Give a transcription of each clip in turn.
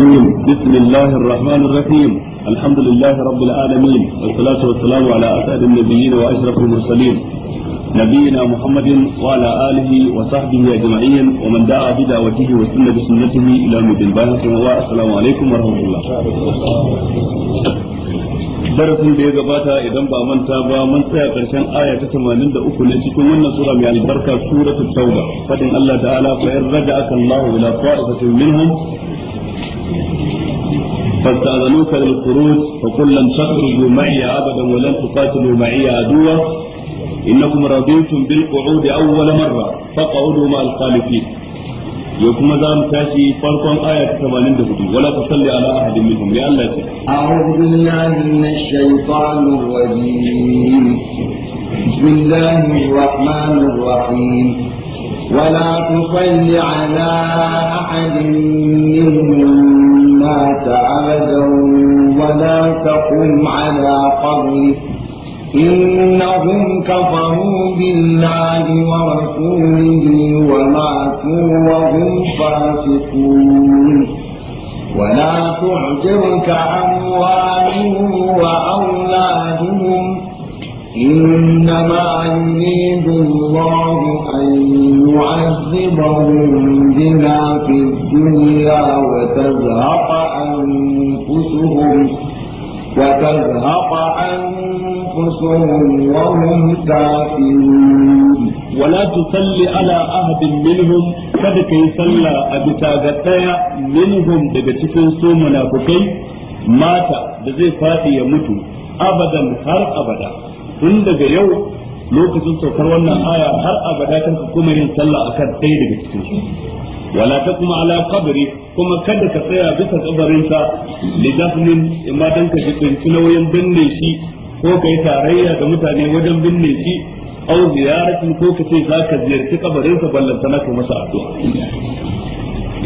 الرجيم بسم الله الرحمن الرحيم الحمد لله رب العالمين والصلاة والسلام على أسعد النبيين وأشرف المرسلين نبينا محمد وعلى آله وصحبه أجمعين ومن دعا بدعوته وسن بسنته إلى مد الباهق والسلام عليكم ورحمة الله darasin da ya gabata idan ba manta ba mun tsaya karshen aya ta 83 ne cikin wannan sura mai albarka suratul tauba fadin Allah ta'ala fa in raja'aka Allahu ila ta'ifatin minhum فاستأذنوك للخروج فقل لن تخرجوا معي أبدا ولن تقاتلوا معي عدوا إنكم رضيتم بالقعود أول مرة فاقعدوا مع الخالفين يوكما زام تاشي فرقا آية 84 ولا تصلي على أحد منهم يا الله أعوذ بالله من الشيطان الرجيم بسم الله الرحمن الرحيم ولا تصلي على أحد منهم الناس أبدا ولا تقم على قبره إنهم كفروا بالله ورسوله وماتوا وهم فاسقون ولا تعجبك أموالهم وأولادهم إنما يريد الله أن يعذبهم بما في الدنيا وتزهق أنفسهم وتزهق أنفسهم وهم كافرون ولا تصلي على أحد منهم kada ka yi sallah a bisa ga ɗaya minhum daga cikin su munafukai mata da zai faɗi ya mutu abadan har abada tun daga yau lokacin saukar wannan aya har abada kan ka kuma yin sallah akan ɗaya daga cikin su wala ta kuma ala kabari kuma kada ka tsaya bisa kabarinsa li dafnin imma dan ka jibinci nauyin binne shi ko kai tarayya da mutane wajen binne shi au ziyaratin ko ka ce za ka ziyarci kabarinsa ballanta na ka masa addu'a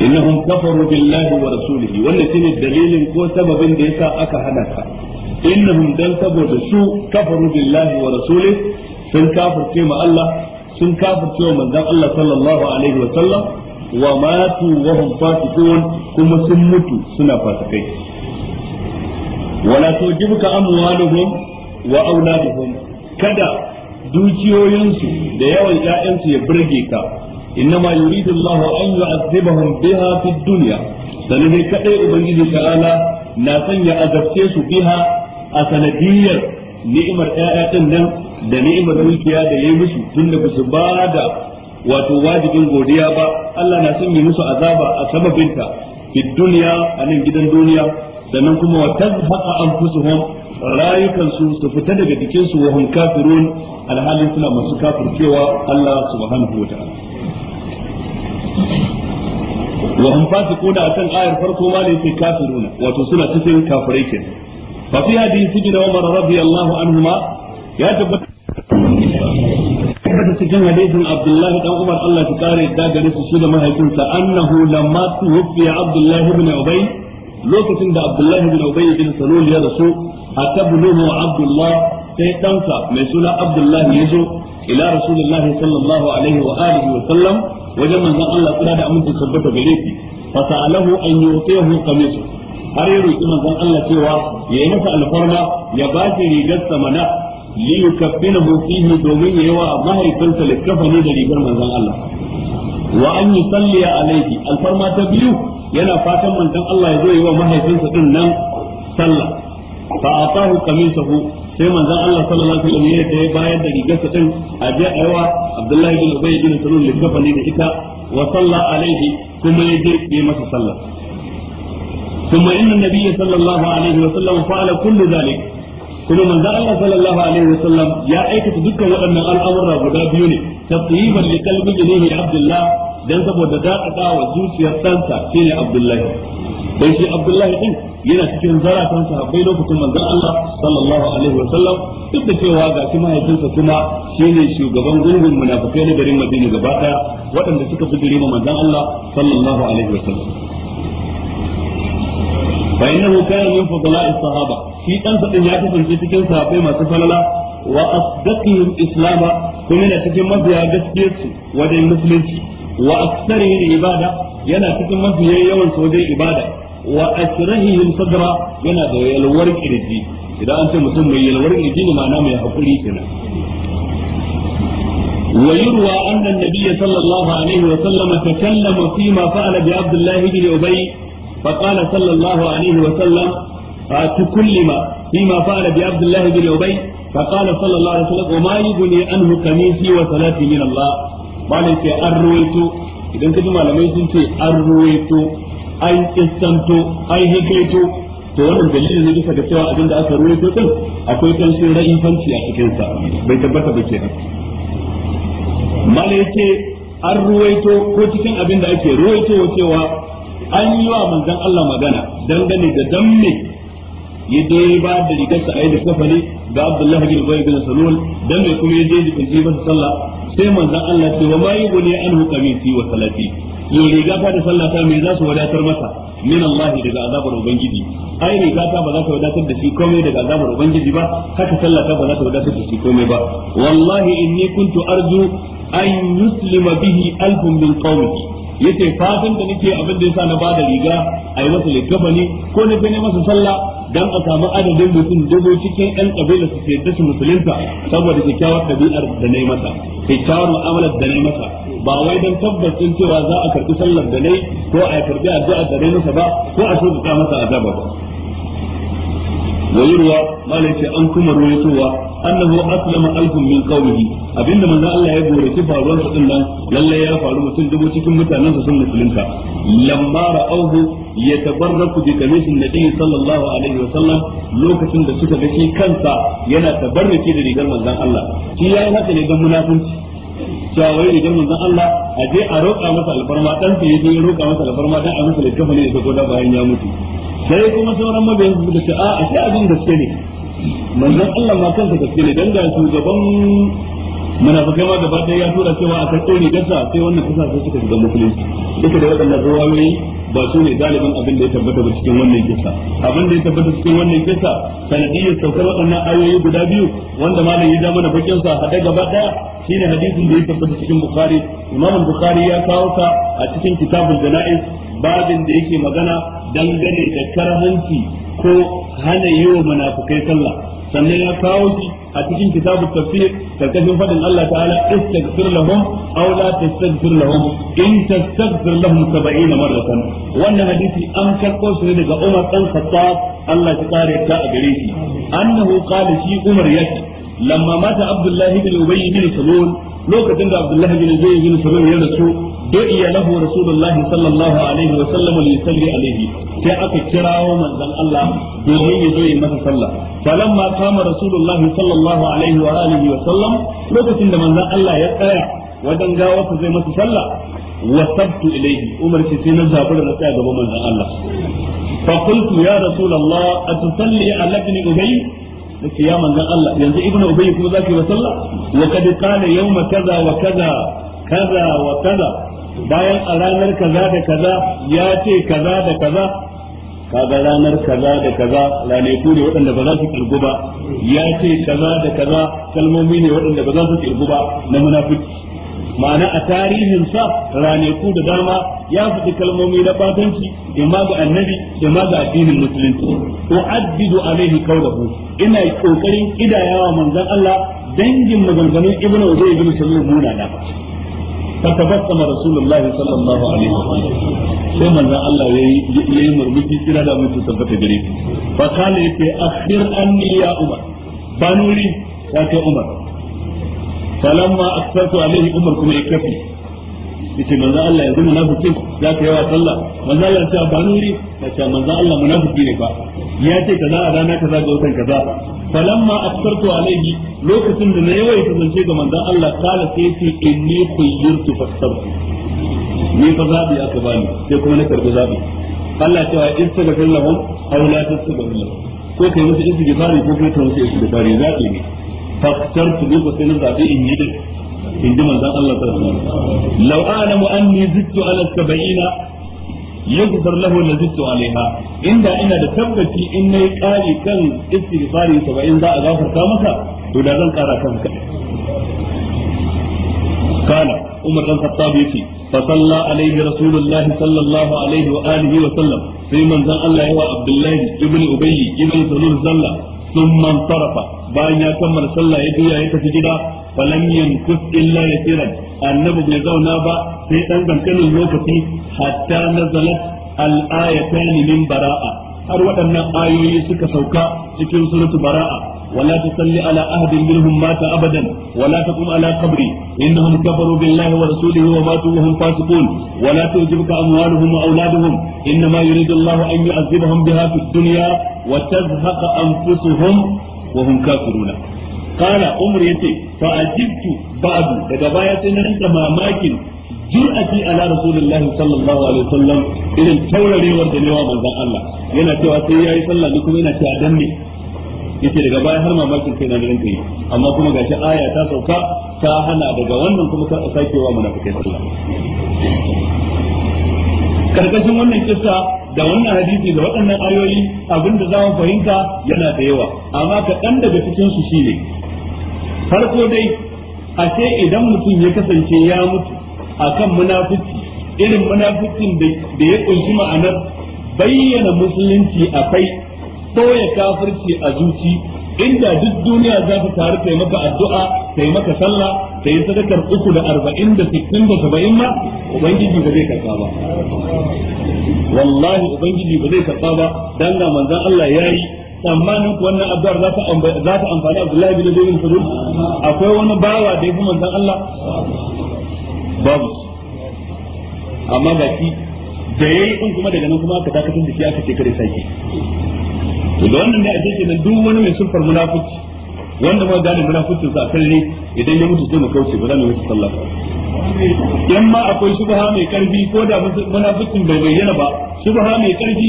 innahum kafaru billahi wa rasulihi wannan shine dalilin ko sababin da yasa aka hana ka innahum dan saboda su kafaru billahi wa rasuli sun kafirce ma Allah sun kafirce wa manzon Allah sallallahu alaihi wa sallam wa matu wa hum fasiqun kuma sun mutu suna fasikai wala tujibuka amwaluhum wa auladuhum kada dukiyoyinsu da yawan ƴaƴansu ya burge ka إنما يريد الله أن يعذبهم بها في الدنيا سنه كأي أبنجي تعالى ناسن يعذبتيس بها a sanadiyar ni'imar ƴaƴa din nan da ni'imar mulkiya da yayi musu tun da su ba da wato wajibin godiya ba Allah na son yi musu azaba a sababinta fi duniya a nan gidan duniya sannan kuma wa tazhaqa anfusuhum rayukan su su fita daga jikin su wa kafirun alhalin suna masu kafircewa Allah subhanahu wa ta'ala wa hum fasiquna akan ayar farko ma ne kafiruna wato suna cikin kafirai kenan fa fi hadisi ibn umar anhu ma ya tabbata tabbata cikin hadisin abdullahi dan umar Allah ta kare da gare su shi da mahaifinsa annahu lamma tuwfi abdullahi ibn ubay lokacin da abdullahi ibn ubay bin salul ya rasu atabnuhu abdullah sai ɗansa mai suna abdullahi ya zo ila rasulullahi sallallahu alaihi wa alihi wa sallam wajen manzon Allah tsira da aminci tabbata gare shi fa an har ya roki manzon Allah cewa ya yi masa alfarma ya ba shi rigar samana li yukaffinahu fihi domin yi wa mahaifinsa likafani da rigar manzon Allah wa an yusalli alaiki alfarma ta biyu yana fatan manzon Allah ya zo yi wa mahaifinsa din nan sallah fa atahu qamisahu sai manzon Allah sallallahu alaihi wasallam ya yi bayan da rigarsa din a je aiwa Abdullahi bin Ubay bin Salul likafani da ita wa salla alaihi kuma ya je masa sallah ثم إن النبي صلى الله عليه وسلم فعل كل ذلك kuma manzo Allah sallallahu alaihi wasallam ya aikata dukkan waɗannan al'amura guda biyu ne tafsiban li qalbi jinihi Abdullah dan saboda da wa zuciyar ɗansa shine abdullahi, dan shi abdullahi din yana cikin zaratan sahabbai lokacin manzo Allah sallallahu alaihi wa sallam duk da cewa ga shi mahaifinsa kuma shine shugaban gungun munafikai na garin Madina gaba ɗaya waɗanda suka bijire ma manzo Allah sallallahu alaihi wa sallam. fa innahu kana min fadla'i sahaba shi dan sa ya kasance cikin sahabbai masu falala wa asdaqihim islama kuma yana cikin mafiya gaskiyar su wajen musulunci wa aktsarihim ibada yana cikin mafiya yawan su wajen ibada wa asrahihim sadra yana da yalwar kirji idan an ce mutum mai yalwar kirji ne ma'ana mai hakuri kenan ويروى أن النبي صلى الله عليه وسلم تكلم فيما فعل بعبد الله بن أبي فقال صلى الله عليه وسلم تكلم فيما فعل بعبد الله بن أبي فقال صلى الله عليه وسلم وما يغني عنه قميصي وصلاتي من الله أرويت إذا كنت malamai sun ce an ruwaito an kissanto an to wannan dalilin ne bisa ga cewa abin da aka din akwai a cikin sa bai tabbata ba kenan malai an ruwaito ko cikin abin da ake ruwaito cewa an yi wa manzan Allah magana dangane da damme ya je ba da rigarsa ayi da kafali ga Abdullahi bin Ubay bin Salul dan mai kuma ya je da kunji masa sallah sai manzan Allah ce wa mai gune anhu qamisi wa salati yo riga ta da sallah ta me za su wadatar masa min Allah daga azabar ubangiji ai riga ta ba za ta wadatar da shi komai daga azabar ubangiji ba haka sallah ta ba za ta wadatar da shi komai ba wallahi inni kuntu arju an yuslima bihi alfun min qaumihi yace fatan da nake abin da yasa na bada riga a yi masa likkafa ne ko na fi masa sallah dan a samu adadin mutum dubu cikin yan kabila su ce dashi musulunta saboda kyakkyawar ɗabi'ar da na yi masa kyakkyawar mu'amalar da na yi masa ba wai don tabbacin cewa za a karɓi sallar da na ko a karɓi addu'ar da na yi masa ba ko a so masa azaba ba ويروى ما ليس أنكم رويتوا أنه أسلم ألف من قومه أبين من الله يقول كيف أروان سنة للا يرفع رمسين دموتكم متى ننسى سنة سلنسا لما رأوه يتبرك بقميص النبي صلى الله عليه وسلم لوكة دسوكة بشي كنسا ينا تبرك لرجال من الله هي هذا لجال منافنتي cewa da girman zan Allah a je a roƙa masa alfarma dan sai ya je ya roƙa masa alfarma dan a masa littafi ne da ko da bayan ya mutu sai kuma sauran mabiyan su suka ce a sai abin gaske ne manzon Allah ma kansa gaske ne dan ga shugaban munafikai ma gaba ɗaya ya tura cewa a karɓo ne gasa sai wannan kasa sai suka shiga musulunci duka da waɗannan ruwayoyi ba su ne galibin abin da ya tabbata ba cikin wannan kisa abin da ya tabbata cikin wannan kisa sanadiyyar saukar waɗannan ayoyi guda biyu wanda malam ya ja mana bakin sa haɗe gaba ɗaya shine hadisin da ya tabbata cikin bukhari imam bukhari ya kawo ka a cikin kitabul janaiz babin da yake magana dangane da karhanci ko hana yi wa munafukai sallah sannan ya kawo shi a cikin kitabut tafsir karkashin fadin Allah ta'ala istaghfir lahum aw la tastaghfir lahum in tastaghfir lahum 70 marratan wannan hadisi an karko shi ne daga Umar dan Khattab Allah ya kare ta a gare shi annahu qala shi Umar yake lamma mata Abdullah ibn Ubay ibn Salul lokacin da Abdullah ibn Ubay ibn Salul ya rasu du'iya lahu rasulullahi sallallahu alaihi wa sallam li yusalli alaihi sai aka kirawo manzon Allah domin ya zo ya masa sallah falamma kama rasulullahi sallallahu alaihi wa alihi lokacin da manzon Allah ya tsaya wajen gawa ku zai masa sallah wasabtu ilaihi umar ce sai na na tsaya gaban manzon Allah fa qultu ya rasulullah atusalli ala ibn ubay nace ya manzon Allah yanzu ibn ubay kuma zaki sallah kaza wa kaza kaza wa kaza bayan a ranar kaza da kaza ya ce kaza da kaza kaga ranar kaza da kaza ranaku ne waɗanda ba za su kirgu ba ya ce kaza da kaza kalmomi ne waɗanda ba za su kirgu ba na munafiki ma'ana a tarihin tarihinsa ranaku da dama ya fiti kalmomi na batanci imma ga annabi imma ga addinin musulunci to addidu alaihi qawluhu ina kokarin kidayawa manzon Allah dangin maganganun ibnu ubay ibn salul munana فتبسم رسول الله صلى الله عليه وسلم sai manzon Allah ya yi murmushi kira da mutu tabbata gare shi fa kana yace akhir anni ya umar banuri ya kai umar falamma aksartu umar kuma ya yace manzo Allah yanzu munafiki za ka yawa sallah manzo Allah ta ba nuri yace manzo Allah munafiki ne fa ya ce kaza a rana kaza ga watan kaza falamma aftartu alaihi lokacin da na yawaita zance ga manzo Allah kala sai ce inni khayyirtu fasabtu ni fa zabi aka bani sai kuma na karbi zabi Allah ya ce wa istaghfir lahum aw la tastaghfir lahum ko kai musu istighfari ko kai ta musu istighfari zabi ne fasabtu ne ko sai na zabi in yi in ji manzon Allah sallallahu alaihi wasallam law a'lamu anni zittu ala 70 yaghfir lahu la zittu alaiha inda ina da tabbaci in nayi kari kan istighfari 70 za a gafarta masa to da zan kara kan ka kana umar dan khattab yace fa salla alaihi rasulullahi sallallahu alaihi wa alihi wa sallam sai manzon Allah wa abdullahi ibn ubayy ibn salul sallallahu ثم farafa, bayan ya kammala sallah ya juya ya tafi gida falam yankus illa yasiran annabi bai zauna ba sai dan gantanin lokaci hatta nazalat al-ayatan min bara'a har waɗannan ayoyi suka sauka cikin suratul bara'a ولا تصلي على أحد منهم مات أبدا ولا تقم على قبري إنهم كفروا بالله ورسوله وماتوا وهم فاسقون ولا تعجبك أموالهم وأولادهم إنما يريد الله أن يعذبهم بها في الدنيا وتزهق أنفسهم وهم كافرون قال عمر يتي فأجبت بعد daga baya sai na rinka mamakin jur'ati ala rasulillahi sallallahu alaihi wasallam irin taurarewar da newa manzon Allah yana cewa sai yayi sallah ni kuma yana cewa dan ne yace daga baya har mamakin kai na nan kai amma kuma gashi aya ta sauka ta hana daga wannan kuma kar a sake wa munafikai sallah karkashin wannan kissa da wannan hadisi da waɗannan ayoyi abinda za mu fahimta yana da yawa amma kaɗan daga cikin su shine farko dai ashe idan mutum ya kasance ya mutu akan munafiki irin munafikin da ya kunshi ma'anar bayyana musulunci akai boye kafirci a zuci inda duk duniya za ta taru ta yi maka addu'a ta yi maka sallah ta yi sadakar uku da arba'in da sittin da saba'in ma ubangiji ba zai karɓa ba wallahi ubangiji ba zai karɓa ba dan ga manzon Allah ya yi tsammanin wannan addu'ar za ta amfani Abdullahi bin Zaid bin Fadul akwai wani bawa da ya fi manzon Allah babu amma ga shi da yayi din kuma daga nan kuma aka dakatar da shi aka ce kare sake to da wannan ne a cikin nan duk wani mai sulfar munafiki wanda ma gane munafikin sa kan ne idan ya mutu sai mu kauce ba za mu yi sallah idan ma akwai shubha mai karfi ko da munafikin bai bayyana ba shubha mai karfi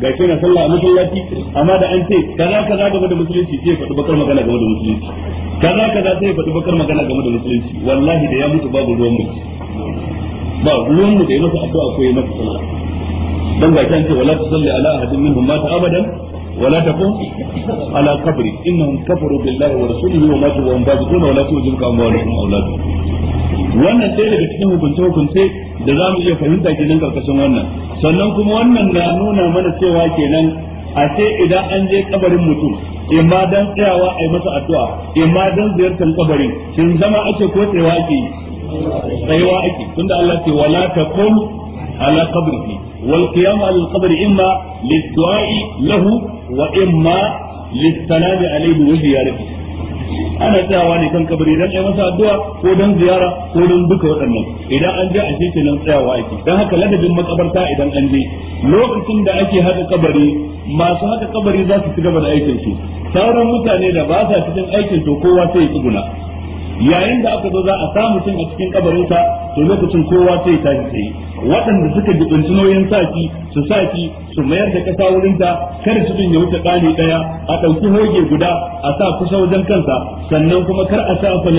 ga kina na sallah a yaki amma da an ce kaza kaza game da musulunci sai faɗi bakar magana game da musulunci kaza kaza sai faɗi bakar magana game da musulunci wallahi da ya mutu babu ruwan mu ba ruwan mu da ya masa addu'a ko ya masa sallah dan ga kan ce wala tusalli ala ahadin minhum mata abadan ولا تقم على قبري انهم كفروا بالله ورسوله وماتوا وهم فاسقون ولا تعجبك اموالهم واولادهم wannan sai daga cikin hukunce hukunce da za mu iya fahimta kenan karkashin wannan sannan kuma wannan na nuna mana cewa kenan a ce idan an je kabarin mutum imma dan tsayawa a yi masa addu'a imma dan ziyartar kabarin kin zama ake ko tsayawa ake tsayawa ake tunda Allah ce wala taqum ala qabrihi والقيام على القبر إما للدعاء له وإما للسلام عليه وزيارته ana tsayawa ne kan kabari dan ai masa addu'a ko dan ziyara ko dan duka waɗannan idan an je a ce kenan tsayawa ake dan haka ladabin makabarta idan an je lokacin da ake haka kabari masu haka kabari za su ci gaba da aikin su sauran mutane da ba sa cikin aikin to kowa sai ya yayin da aka zo za a samu mutum a cikin kabarinsa to lokacin kowa sai ta tsaye waɗanda suka jibinci nauyin saki su saki su mayar da ƙasa wurin ta su su ya wuce ɗani ɗaya a ɗauki hoge guda a sa kusa wajen kansa sannan kuma kar a shafa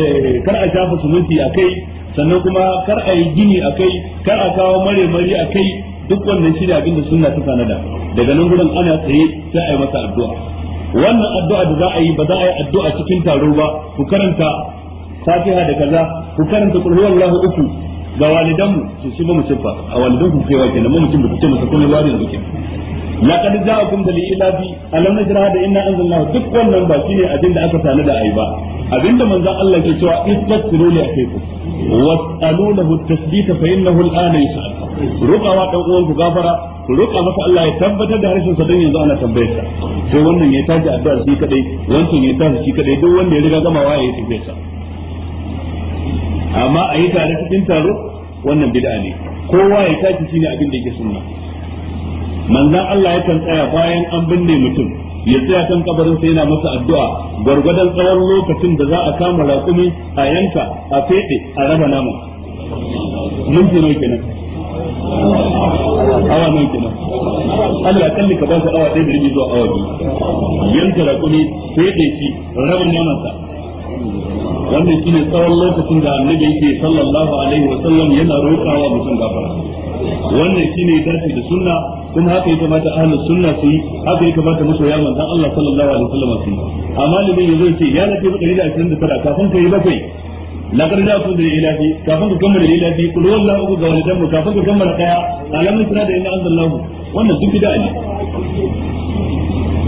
kar a shafa suminti a kai sannan kuma kar a yi gini a kai kar a kawo mare mare a kai duk wannan shi ne abin da sunna ta tanada daga nan gurin ana tsaye sai a yi masa addu'a wannan addu'a da za a yi ba za a yi addu'a cikin taro ba ku karanta fatiha da kaza ku karanta qul huwallahu uku ga walidanmu su shi ba mu a walidan ku kewa kenan mu mutum da kuke masa kullum wani da kuke laqad ja'akum dal ilafi alam duk wannan ba shine abin da aka tana da ayi ba da manzon Allah ke cewa istaghfiru li akaykum was'alu lahu at-tasbita fa innahu al-ana yus'al ruqa wa dan uwanku gafara ku ruka masa Allah ya tabbatar da harshen sa don yanzu ana tambayar sa sai wannan ya tashi addu'a shi kadai wancan ya tashi shi kadai duk wanda ya riga gamawa ya yi tafiyar amma a yi tare cikin taro wannan bid'a ne kowa ya tashi shine abin da yake sunna manzon Allah ya kan tsaya bayan an binne mutum ya tsaya kan kabarin sai yana masa addu'a gwargwadon tsawon lokacin da za a kama raƙumi a yanka a fede a raba naman mun ji ne kenan awa ne kenan Allah kalli ka ba su awa ɗaya da rabi zuwa awa biyu yanka raƙumi fede shi raba naman sa wannan shine tsawon lokacin da annabi yake sallallahu alaihi wa yana rokawa mutum gafara wannan shine ya dace da sunna kuma haka ya kamata ahlus sunna su yi haka ya kamata masoya manzon Allah sallallahu alaihi wa sallam su yi amma bai zai ce ya da 129 kafin kai bakwai da جاءكم بالإلهي كافن كمل الإلهي قل هو الله أبو قولي دم كافن kafin ku kammala نسرى إلا sura da inna سكت wannan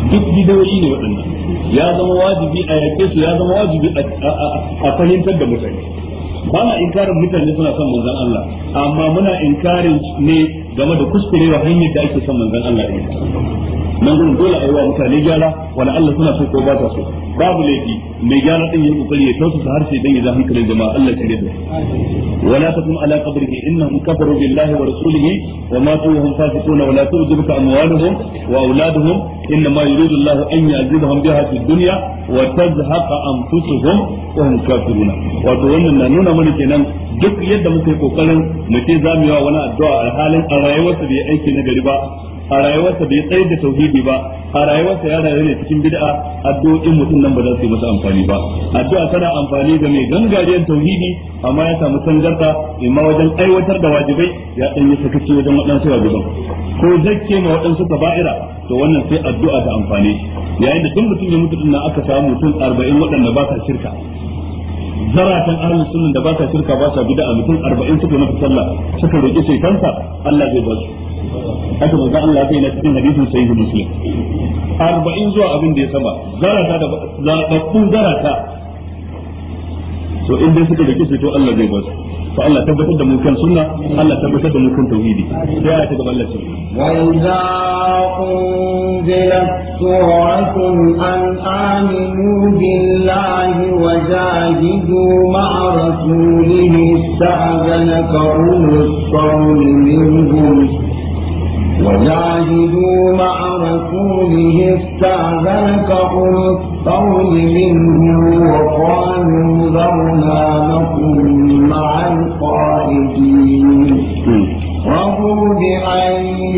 duk bid'a ne waɗannan ya zama wajibi a yake su ya zama wajibi a fahimtar da mutane ba na inkarin mutane suna son manzon Allah amma muna inkarin ne game da kuskure wa hanyar da ake son manzon Allah ya nan gurin dole a yi mutane gyara wani Allah suna so ko ba ta so babu laifi mai gyara din yi kokari ya tausa su harshe dan ya za hankalin jama'a Allah shi da wala takum ala qabrihi innahum kafaru billahi wa rasulihi wa matu hum fasiquna wala tujibuka amwaluhum wa auladuhum inna ma yuridu Allah an yu'adhibahum biha fid dunya wa tazhaqa anfusuhum wa hum kafiruna wato wannan na nuna mana kenan duk yadda muka yi kokarin mu ce wani yi a halin addu'a a rayuwarsa bai aiki na gari ba a rayuwarsa bai tsayar da tauhidi ba a rayuwarsa ya rayu ne cikin bid'a addu'o'in mutum nan ba za su yi masa amfani ba addu'a tana amfani ga mai gangariyar tauhidi amma ya samu tangarda imma wajen aiwatar da wajibai ya dan yi sakaci wajen waɗansu wajiban ko zakke ma waɗansu kaba'ira to wannan sai addu'a ta amfani shi yayin da duk mutum ya mutu din aka samu mutum 40 waɗanda ba ka shirka zaratan ahlus sunnan da ba sa shirka ba sa bid'a mutum 40 suka mata sallah suka roki shaitansa Allah zai ba su haka manzo Allah sai na cikin hadisin sahih muslim 40 zuwa abin da ya saba. zarata da zababbun zarata to in dai suka roki sai to Allah zai ba su to Allah tabbatar da mu kan sunna Allah tabbatar da mu kan tauhidi sai ya ta gaba Allah ce wa idza unzila suratun an aminu billahi wa jahidu ma'a rasulihi ista'zanaka ulul qawmi minhum وجاهدوا مع رسوله استأذنك أولو الطول منهم وقالوا ذرنا نكن مع الخالدين رضوا بأن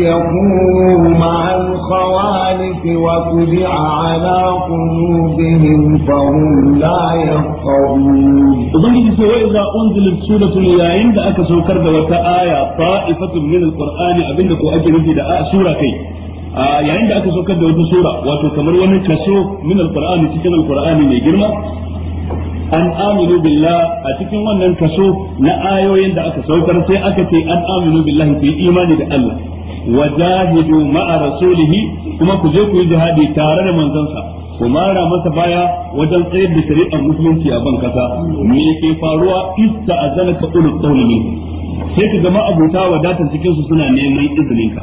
يكونوا مع الخوالف وطبع على قلوبهم فهم لا يفقهون وبنجي سوى إذا أنزلت سورة ليعين دا أكا سوكر دا وتآية طائفة من القرآن أبنك وأجل في دا سورة كي yayin da aka saukar da wata sura wato kamar wani kaso min alqur'ani cikin alqur'ani mai girma an aminu billah a cikin wannan kaso na ayoyin da aka saukar sai aka ce an aminu billahi ku yi imani da Allah wajahidu ma'a rasulihi kuma ku je ku yi jihadi tare da manzansa ku mara masa baya wajen tsayar da shari'ar musulunci a ban kasa me ke faruwa isa azana ka ulul qawli sai ka zama abuta wadatar cikin su suna neman izinin ka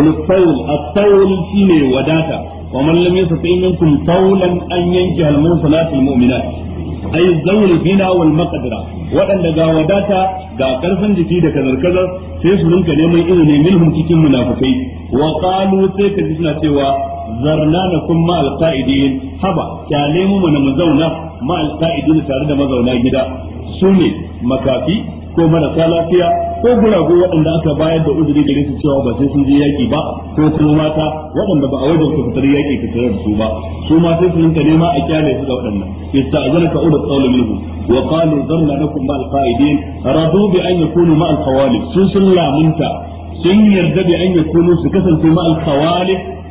ulul qawl at shine wadata wa man lam yastati minkum an yanki al-mu'minat al-mu'minat ay zawul bina wal maqdira waɗanda ga wadata ga karfin jiki da kazar-kazar sai su rinka neman izini minhum cikin munafikai wa qalu sai ka suna cewa zarna na kun ma alqaidin haba kyale mu mu zauna ma alqaidin tare da mazauna gida su ne makafi ko marasa lafiya ko gurago waɗanda aka bayar da uzuri gare su cewa ba sai sun je yaƙi ba ko kuma mata waɗanda ba a wajen su fitar yaƙi fitar da su ba su ma sai su rinka nema a kyale su da waɗannan ista'zalaka ulul qawli minhum wa qalu dharna lakum ma al-qa'idin radu bi an yakunu ma al sun sun lamunta sun yarda bi an yakunu su kasance ma al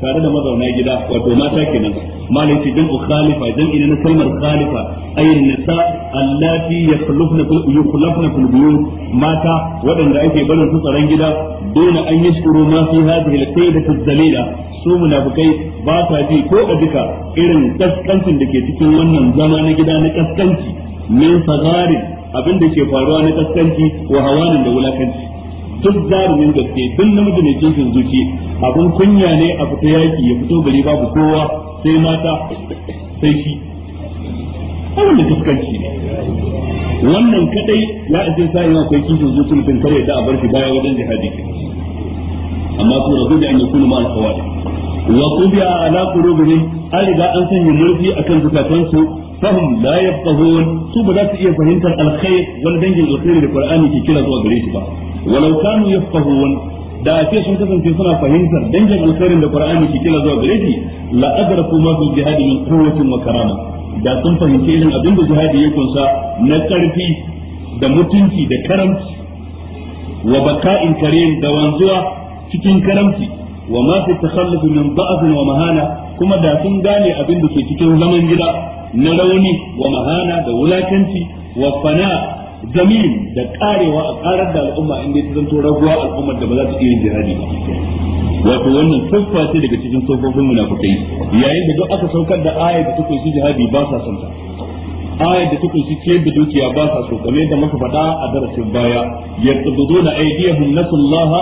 tare da mazauna gida wato mata kenan malai ce uKhalifa, khalifa jam'i na kalmar khalifa ay nisa allati yakhlufna yukhlafna fil buyut mata waɗanda ake barin su tsaron gida dole an yashkuru ma fi hadhihi al-qaydati az-zalila su munafikai ba ta ji ko a duka irin kaskancin da ke cikin wannan zama na gida na kaskanci min fagarin abin da ke faruwa na kaskanci wa hawanin da wulakanci duk zarumin gaske duk namiji mai cikin zuci abin kunya ne a fita yaki ya fito gari babu kowa sai mata sai shi abin da fuskanci ne wannan kadai ya aje sa yana akwai kishin zuci mutum kare ta a bar shi baya wajen jihadi amma ko rabu da an yi kullu ma al-qawadi wa qubiya ala qulubihim an riga an sanya murfi akan zukatansu fahum la yafqahun su ba za iya fahimtar alkhair wani dangin alkhairi da qur'ani ke kira zuwa ba walau kanu da a ce sun kasance suna fahimtar dangin alkhairin da qur'ani ke kira zuwa gare shi la adraku ma bil jihadi min quwwatin wa karama da sun fahimci irin abin da jihadi ya kunsa na karfi da mutunci da karamci wa baka'in karim da wanzuwa cikin karamci wa ma fi takhalluf min da'f wa mahana kuma da sun gane abin da ke cikin zaman gida na rauni wa mahana da wulakanci wa fana zamin da karewa a karar da al'umma inda ta zanto raguwa al'ummar da ba za ta iya jihadi ba wato wannan siffa ce daga cikin sofofin munafukai yayin da duk aka saukar da ayar da ta kunshi jihadi ba sa son ta ayar da ta kunshi da dukiya ba sa so kamar yadda muka faɗa a darasin baya yaqbuduna aydiyahum nasallaha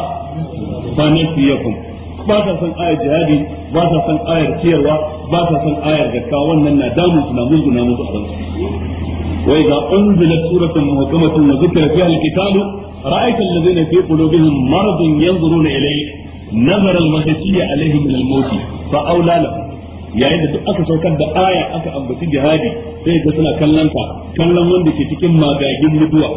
fa nasiyakum ba sa san ayar jihadi ba sa san ayar ciyarwa ba sa san ayar zakka wannan na damun su na muzguna musu a ransu wa idza unzilat suratun muhkamatun wa dhukira fiha al-qitalu ra'aita alladhina fi qulubihim maradun yanzuruna ilayhi nazara al-mahsiyya alayhim min al-maut fa awla lahum yayin da duk aka saukar da aya aka ambaci jihadi sai ga suna kallon ka kallon wanda ke cikin magagin mutuwa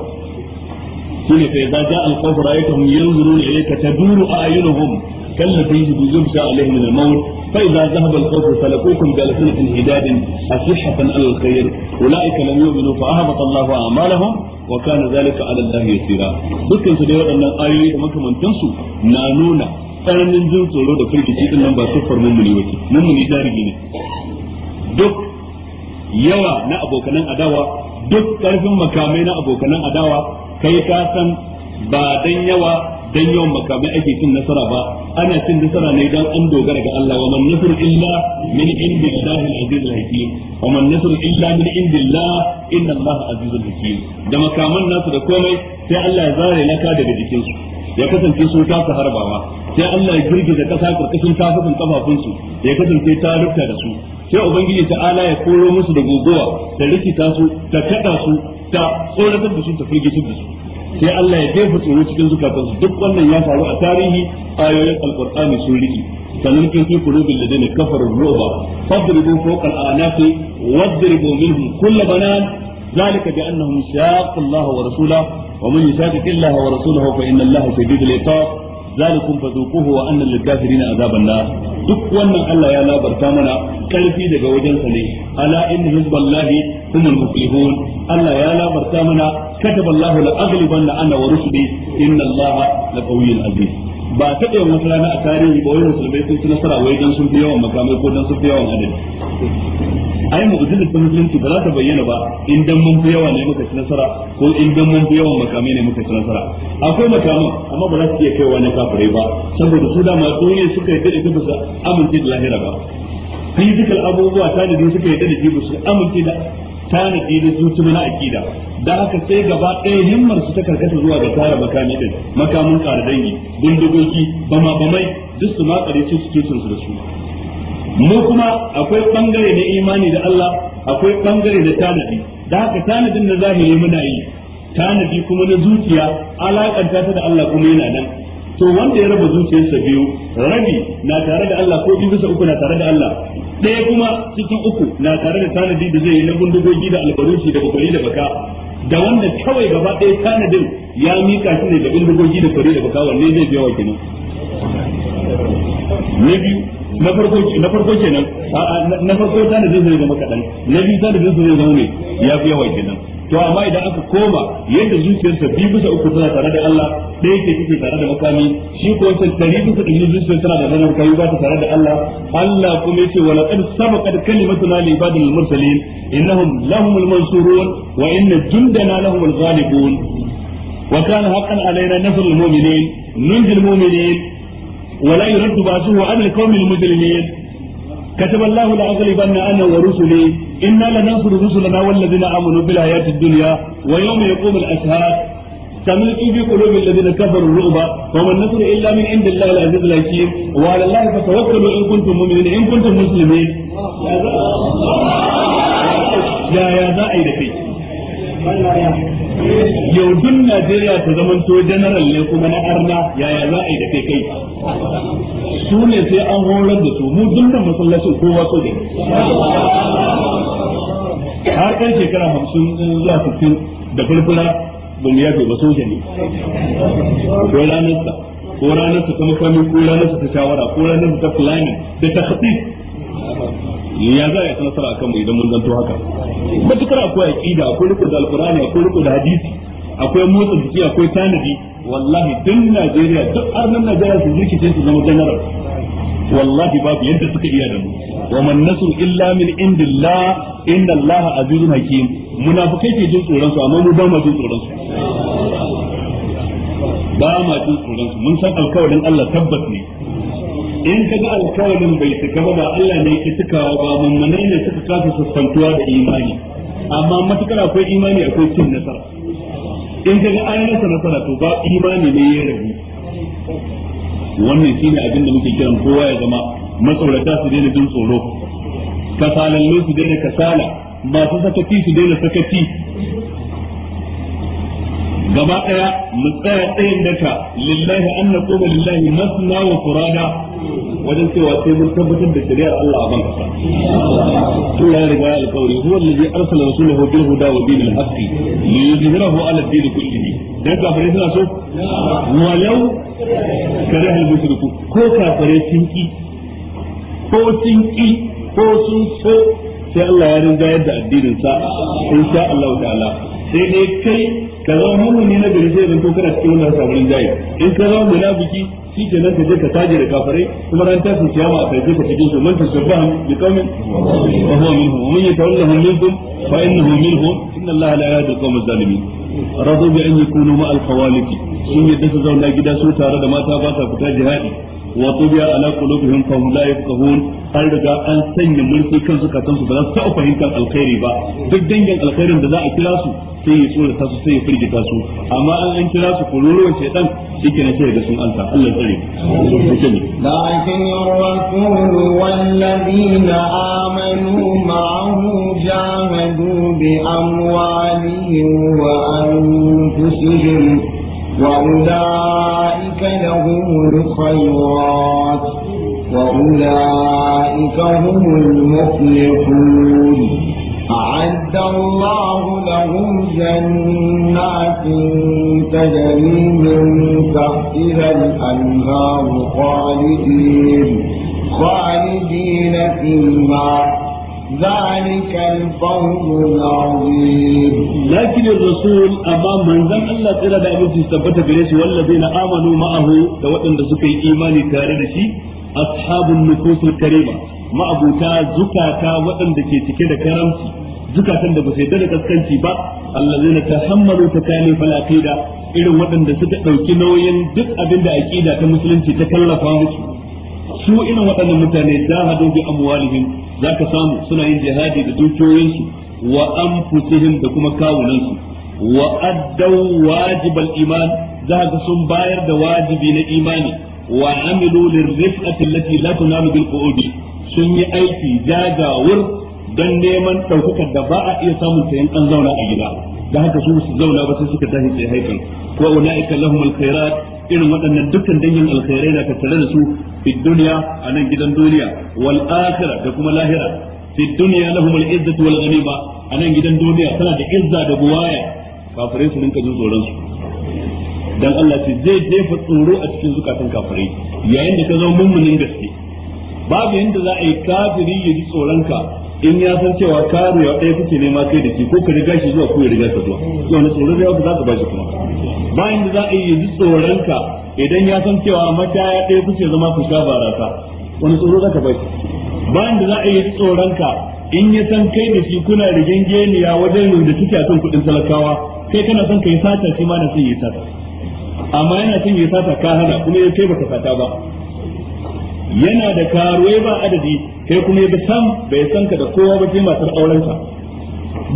shine fa idza ja'a al-qawm ra'aytahum yanzuruna ilayka taduru a'yunuhum كالذي يغشى عليه من الموت فإذا ذهب الخوف سلكوكم بألسنة حداد أصحة على الخير أولئك لم يؤمنوا فأهبط الله أعمالهم وكان ذلك على الله يسيرا dukkan su dai waɗannan ayoyi da makamantansu na nuna tsananin jin tsoro da firgici din nan ba siffar mummuni wace mummuni darigi ne duk yawa na abokanan adawa duk karfin makamai na abokanan adawa kai ka san ba dan yawa dan yawan makamai ake cin nasara ba ana cin nasara ne dan an dogara ga Allah wa man nasru illa min indillahi al-aziz al-hakim wa man nasru illa min indillah inna Allah azizul hakim da makaman nasu da komai sai Allah ya zare laka daga jikin su ya kasance su ta su harbawa sai Allah ya girgiza kasa karkashin tafukan kafafun su ya kasance ta rufta da su sai ubangiji ta'ala ya koro musu da gogowa ta rikita su ta kada su ta tsoratar da su ta firgitar da su sai Allah ya jefa tsoro cikin zukatan su duk wannan ya faru a tarihi ayoyin alqur'ani sun riki sanan roba. fi qulubi alladhina kafaru ruba fadribu fawqa al'anati wadribu minhum kull banan zalika bi annahum shaqqu Allah wa rasulahu wa man yushaqiq Allah wa rasulahu fa inna Allah shadidul iqab zalikum fadhuquhu wa anna lil azaban nar duk wannan Allah ya labarta mana karfi daga wajen sa ne ala inna hizballahi humul muflihun Allah ya labarta mana كتب الله لأغلبن أنا ورسلي إن الله لقوي عزيز ba ta da wata rana a tarihi ba wai musulmai sun ci nasara wai dan sun fi yawan makamai ko dan sun fi yawan adadi ai da ta musulunci ba za ta bayyana ba in dan mun fi yawa ne muka ci nasara ko in dan mun fi yawan makamai ne muka ci nasara akwai makaman amma ba za su iya kaiwa na kafirai ba saboda su dama duniya suka yi da ita ba su amince da lahira ba dukkan abubuwa ta tanadi suka yi dade, ita ba su amince da tanadi da zuci na akida da haka sai gaba ɗaya himmar su ta karkata zuwa ga tara makami din makamin ƙara dangi bindigogi bama bamai duk su matsare su su tutun su da su mu kuma akwai ɓangare na imani da Allah akwai ɓangare da tanadi da haka tanadin na zahiri muna yi tanadi kuma na zuciya alakanta ta da Allah kuma yana nan to wanda ya raba zuciyarsa biyu rabi na tare da Allah ko bisa uku na tare da Allah ɗaya kuma cikin uku na tare da tanadi da zai yi na gundugogi da albarushi da kokari da baka da wanda kawai gaba ɗaya tanadin ya mika shi ne da gundugogi da kwari da baka wanne zai biya wa kenan na biyu na farko na farko kenan na farko tanadin zai zama kaɗan na biyu tanadin zai zama ne ya fi wa kenan to amma idan aka koma yadda zuciyarsa biyu bisa uku tana tare da Allah ɗaya ke take tare da makami shi ko wancan ɗari bisa ɗari zuciyarsa tana da tare da makami ba ta tare da Allah Allah kuma yace wa laqad sabaqat kalimatuna li ibadil mursalin innahum lahumul mansurun wa inna jundana lahumul ghalibun wa kana haqqan alaina nasrul mu'minin nunjil mu'minin ولا يرد بعثه عن القوم المجرمين كتب الله لأغلبن أنا ورسلي إنا لننصر رسلنا والذين آمنوا بالحياة الدنيا ويوم يقوم الأشهاد سنلقي في قلوب الذين كفروا الرعب وما النصر إلا من عند الله العزيز الحكيم وعلى الله فتوكلوا إن كنتم مؤمنين إن كنتم مسلمين يا يا ذا أي yau duk Najeriya ta to general ne kuma na arna yaya za a yi da kai kai su ne sai an horar da su mu da masallacin kowa so da har kan shekara hamsin zuwa sittin da fulfula ba mu yafe ba soja ne ko ta ko ranarsa ta makami ko ranarsa ta shawara ko ranarsa ta planning da ta ya za a yi nasara akan mu idan mun zanto haka matukar akwai aqida akwai riko da alqur'ani akwai riko da hadisi akwai motsa jiki akwai tanadi wallahi duk Najeriya duk arnan Najeriya su jirkice su zama general wallahi babu yadda suka iya da mu wa man nasu illa min indillah inna Allah azizun hakim munafikai ke jin tsoron su amma mu ba ma jin tsoron su ba ma jin tsoron su mun san alkawarin Allah tabbas ne in ka ga alkawarin bai cika ba ba Allah ne ke cikawa ba mummunai ne suka kasa sassantuwa da imani amma matukar akwai imani akwai cin nasara in ka ga an rasa nasara to ba imani ne ya rabu wannan shine abin da muke kiran kowa ya zama matsorata su daina jin tsoro kasalallu su daina kasala masu sakaci su daina sakaci gaba daya mu tsaya tsayin daka lillahi an naqulu lillahi masna wa furada wajen cewa sai mun tabbatar da shari'ar Allah a ban kasa Allah ya riga alƙawari huwa allazi arsala rasulahu bil huda wa dinil haqqi li yuzhirahu ala ad-din kullihi dan kafirai suna so walau kare hal mushriku ko kafare sun ki ko sun ki ko sun so sai Allah ya rinjayar da addinin sa insha Allah ta'ala sai dai kai ka zama mummuni na gari zanto kana cikin wanda in ka zama munafiki shi ke nan ka je ka saje da kafirai kuma ran kiyama a karfe ka cikin su man tashabbaha bi qaumin wa huwa minhum man minkum fa innahu minhum inna allaha la yahdi al adh-dhalimin radu bi an yakunu ma al-khawalif sun yadda su zauna gida su tare da mata ba sa fita jihadi wa tubiya ala qulubihim fa hum la yafqahun an riga an sanya mulki kan zukatan su ba za su taɓa fahimtar alkhairi ba duk dangin alkhairin da za a kira su sai ya tsorata su sai ya firgita su amma an an kira su kururuwan shaytan shike ne sai ga sun ansa Allah amanu وأولئك لهم الخيرات وأولئك هم المفلحون أعد الله لهم جنات تجري من تحتها الأنهار خالدين خالدين فيها ذلك الفوز العظيم لكن الرسول أمام من ذن الله ترى دعوة استبت بريش والذين آمنوا معه دوتن دسوكي إيماني تاردشي أصحاب النفوس الكريمة ما أبو تا زكاة وأن دكي تكيد كرامتي zukatan da ba su yarda da kaskanci ba allazi na tahammalu takalif al aqida irin waɗanda suka ɗauki nauyin duk abinda da aqida ta musulunci ta kallafa musu su irin waɗannan mutane da hadu zaka samu suna yin jihadi da dukiyoyinsu wa anfusihim da kuma kawunansu wa addaw wajibal iman zaka sun bayar da wajibi na imani wa amilu lirrifqati allati la tunalu bil qu'udi sun yi aiki jajawur dan neman daukakar da ba a iya samun ta in an zauna a gida da haka su su zauna ba sai suka tashi sai haikan wa ulaika lahum alkhairat irin waɗannan dukkan dangin alkhairai na tare da su fi dunya a nan gidan duniya wal akhirah da kuma lahira fi dunya lahum al wal ghanima a nan gidan duniya tana da izza da buwaya kafare su rinka jin tsoron su dan Allah ce zai jefa tsoro a cikin zukatan kafare. yayin da ka zama mumunin gaske babu yanda za a yi kafiri ya ji tsoron ka in ya san cewa ya ɗaya kuke nema kai da ke ko ka riga shi zuwa ko ya riga ka zuwa yau na tsoron yau za ka bashi kuma bayan da za a yi ji tsoron ka idan ya san cewa ya ɗaya kuke zama ku sha barasa wani tsoro za ka bashi bayan da za a yi ji tsoron ka in ya san kai da shi kuna rigingeniya wajen rubuta kike kan kuɗin talakawa kai kana son ka yi sata shi ma na son yi sata amma yana son yi sata ka hana kuma ya kai baka sata ba yana da karuwai ba adadi kai kuma ya sam bai san ka da kowa ba sai matar aurenka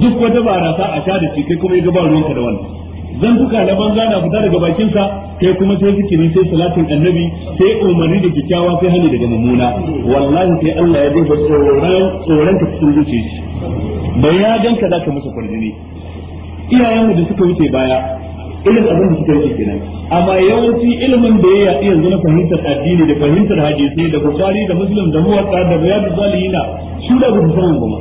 duk wata barasa a sha da shi kai kuma ya ba ruwanka da wannan zan tuka na banza na fita daga bakin bakinka kai kuma sai zikiri sai salatin annabi sai umarni da kyakkyawa sai hani daga mummuna wallahi sai Allah ya duba tsoron tsoron ka cikin zuciya bai ya ganka ka musu kwarjini iyayen da suka wuce baya Ilimin abin da suka yi nan amma yawanci ilimin da ya yaɗi yanzu na fahimtar addini da fahimtar hadisi da bukari da muslim da muwatta da bayan zalihina su da gudu saman goma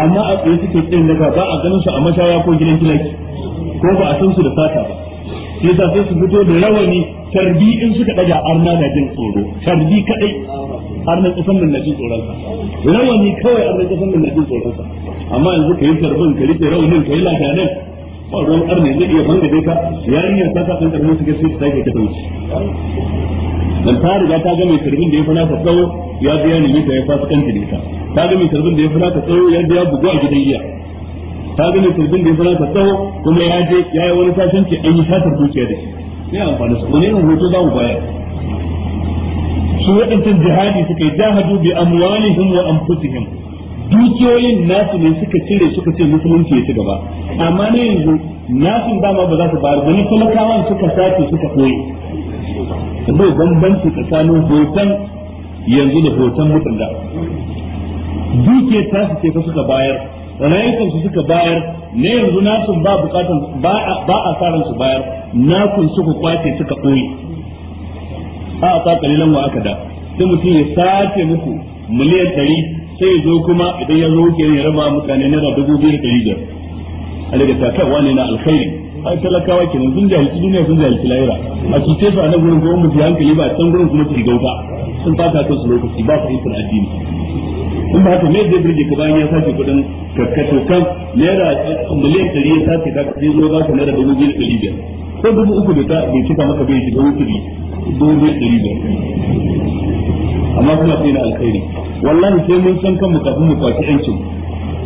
amma a tsaye suke tsayin daga ba a ganin su a mashaya ko gidan kilaki ko ba a san su da sata ba shi yasa sai su fito da rawani tarbi in suka daga arna da jin tsoro tarbi kadai arna kasan nan na jin tsoron sa rawani kawai arna kasan nan na jin tsoron sa amma yanzu ka yi tarbin ka rike rawanin ka yi nan. ba ƙarni zai iya banga dai ka yarinya ta ta kantar musu gaske ta take ta wuce dan ta riga ta ga mai turbin da ya fana ka tsawo ya biya ni ta ya fasu kanta ne ta ta ga mai turbin da ya fana ka tsawo ya biya bugu a gidan giya ta ga mai turbin da ya fana ka tsawo kuma ya je ya yi wani sasanci an yi satar dukiya da shi ne amfani su wani irin hoto za mu bayar su waɗancan jihadi suka yi jahadu bi amwalihim wa anfusihim dukiyoyin nasu ne suka cire suka ce musulunci ya ci gaba amma ne yanzu nasu dama ba za su bayar wani talakawan suka sace suka koyi bai bambanci tsakanin hoton yanzu da hoton mutum da dukiyar tasu ce suka bayar rayukan su suka bayar na yanzu nasu ba bukatan ba a tsarin su bayar nakun suka kwace suka koyi a sa kalilan wa aka da sai mutum ya sace muku miliyan ɗari sai zo kuma idan ya zo wuce ne raba mutane naira dubu biyu da ɗari biyar a daga takarwa ne na alkhairi an talakawa kenan sun jahilci duniya sun jahilci lahira a su ce su a nan gurin kuma mutu hankali ba can gurin kuma su shiga sun fata ta su lokaci ba su fahimtar addini in ba haka me zai birge ka bayan ya sace kuɗin kakkato kan naira eh, miliyan ɗari ya sace ka sai zo ba ka naira dubu biyu da ɗari biyar ko dubu uku da ta bai cika maka bai shiga wuturi dubu biyu da ɗari biyar amma suna fi na alkhairi wallahi sai mun san kan kafin mu yancin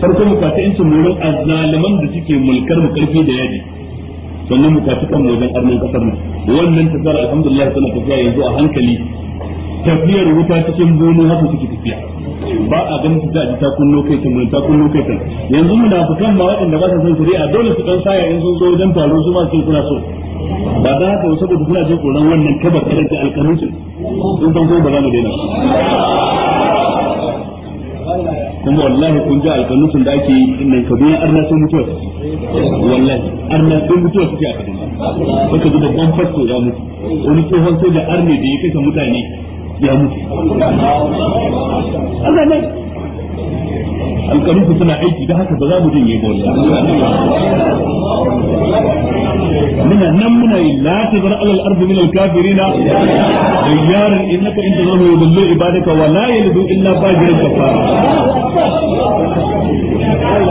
farko mu kwaci yancin mu wurin azzaliman da suke mulkar mu karfi da yaji sannan mu kwaci kanmu wajen arnin kasar mu wannan tafiyar alhamdulillah tana tafiya yanzu a hankali tafiyar wuta cikin bunu haka suke tafiya ba a ganin su za a ji ta kunno kai can mun ta kunno kai can yanzu munafikan ma waɗanda ba su san shari'a dole su dan saya in sun zo dan taro su ma sai kuna so ba da haka wasu da suna jin tsoron wannan kabar karar da alƙaruncin sun san ko ba za mu daina kuma wallahi kun ji alƙanusun da ake yi nan kaduna arna sun mutuwa wallahi arna sun mutuwa suke a ba ka ji babban fasto ya mutu wani tsohon soja arne da ya kashe mutane ya mutu Allah ne suna aiki da haka ba za mu janye ba wallahi muna nan muna yi la tazar alal ardi min al kafirina diyarun innaka in tazarhu yudillu ibadaka wa la yalidu illa fajiran kafara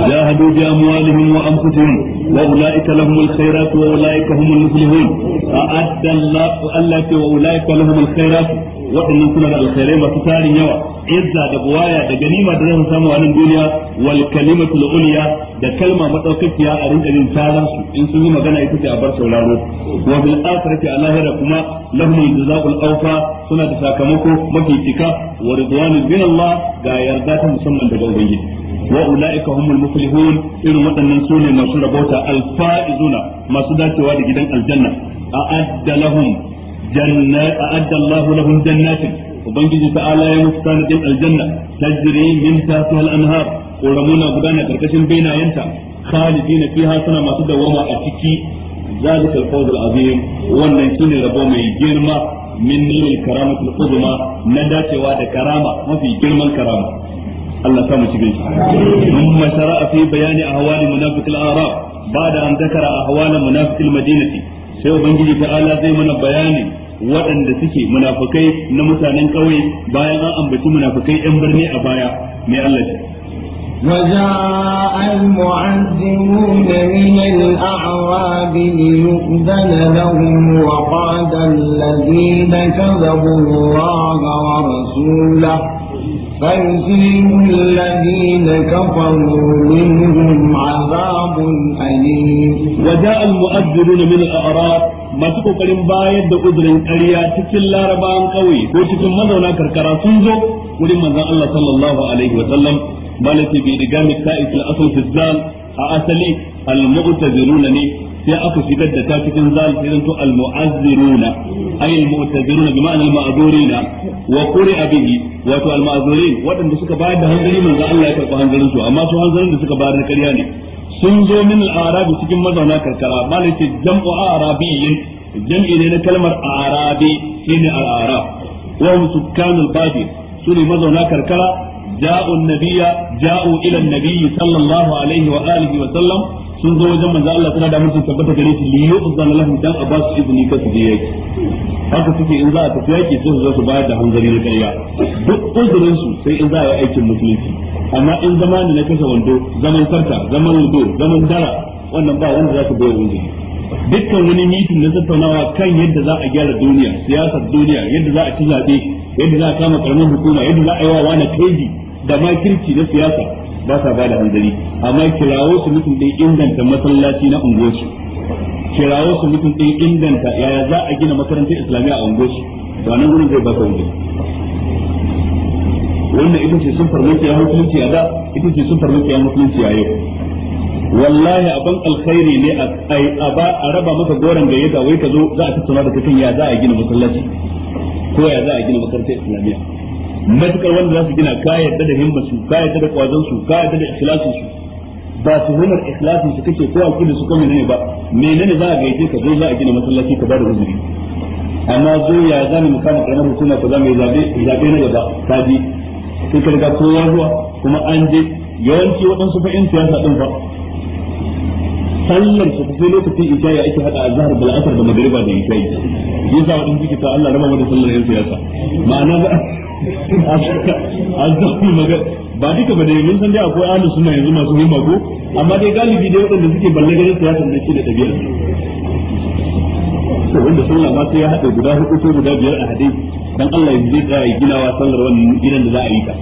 jahadu bi amwalihim wa anfusihim wa ulaika lahum al khairat wa ulaika hum al muflihun a'adda Allah allati wa ulaika lahum al khairat waɗannan suna da alkhairai masu tarin yawa izza da buwaya da ganima da zai samu a nan duniya wal kalimatu uliya da kalma madaukakiya a rinka jin talar su in sun yi magana ita ce a bar sauraro wa bil akhirati a lahira kuma lahum jazaa'ul awfa suna da sakamako mafi cika wa ridwanu min Allah ga yarda ta musamman daga ubangiji wa ulaika humul muflihun irin waɗannan sune masu rabota al fa'izuna masu dacewa da gidan aljanna a'adda lahum جنات أعد الله لهم جنات وبنجي تعالى يمستان دين الجنة تجري من anhar الأنهار gudana karkashin كركشن بين ينتا خالدين masu dawama a ciki وما أتكي ذلك wannan shine rabo mai girma min nilil karamatul qudma na dacewa da karama mafi girman karama Allah ta mu cikin mun masara fi bayani ahwali munafiqil arab ba'da an dakara ahwala munafiqil madinati sai ubangiji ta'ala zai mana bayani waɗanda suke munafukai na mutanen ƙauye bayan an ambaci munafukai yan birni a baya mai Allah ce وجاء المعذرون من الأعراب ليؤذن لهم وقال الذين كذبوا الله ورسوله فيصيب الذين كفروا منهم عذاب أليم وجاء المؤذنون من الأعراب masu kokarin bayar da uzurin ƙarya cikin larabawan ƙauye ko cikin mazauna karkara sun zo wurin manzon Allah sallallahu alaihi wa sallam malati bi digami ka'is al-asl fi zal a asali al-mu'taziruna ne sai aka shigar da ta cikin zal sai zanto al mu'azziruna ay al mu'taziruna bi ma'ana al ma'zurina wa quri'a bihi wato al ma'zurin wadanda suka bayar da hanzari manzo Allah ya karba hanzarin su amma su hanzarin da suka bayar na ƙarya ne sun zo min al arabi cikin mazauna karkara malaka jam'u arabiyyin jam'i ne na kalmar arabi shine al arab wa hum sukkan al badi su ne mazauna karkara ja'u nabiyya ja'u ila nabiyyi sallallahu alaihi wa alihi wa sallam sun zo wajen manzo Allah suna da mutum tabbata gare shi li yu'zana lahum dan a ba su izini ka su je yaki haka suke in za a tafi yaki sai su zo su bayar da hanzari na ƙarya duk uzurin su sai in za a yi aikin musulunci amma in zama ne na kashe wando zaman sarka zaman wando, zaman dara wannan ba wanda za su bayar uzuri dukkan wani mitin na tattaunawa kan yadda za a gyara duniya siyasar duniya yadda za a ci zaɓe yadda za a kama karamin hukuma yadda za a yi wa wani kaidi da makirci na siyasa ba sa bada hanzari amma kirawo su mutum ɗin inganta masallaci na unguwarsu kirawo su mutum ɗin inganta yaya za a gina makarantar islamiyya a unguwarsu to nan gurin zai baka wuce wannan ita ce sun farmaki ya musulunci a da ita ce sun farmaki ya mutunci a yau wallahi abin alkhairi ne a ba a raba maka goron gayyata wai ka zo za a tattauna da kakan ya za a gina masallaci ko ya za a gina makarantar islamiyya matukar wanda za su gina ka da himma su ka da kwazon su ka da ikhlasin su ba su hunar ikhlasin su kake ko akida su ko menene ba menene za a gaje ka zo za a gina masallaci ka ba da uzuri amma zo ya zani mu kama karamar hukuma ko za mu zabe zabe na gaba Ta ji sai ka riga kowa zuwa kuma an je yawanci waɗansu fa'in siyasa din fa sallar su sai lokacin isha'i ake hada zahar da la'asar da magriba da isha'i yasa wadin jiki ta Allah raba mu da sallar yan siyasa ma'ana a zafi magar ba duka ba dai mun san dai akwai ahlus sunna yanzu masu himma ko amma dai galibi dai waɗanda suke balle ganin siyasa da shi da tabiyar to wanda sallah ma sai ya hada guda hudu ko guda biyar a hadisi dan Allah ya zai tsaya ginawa sallar wannan gidan da za a yi ta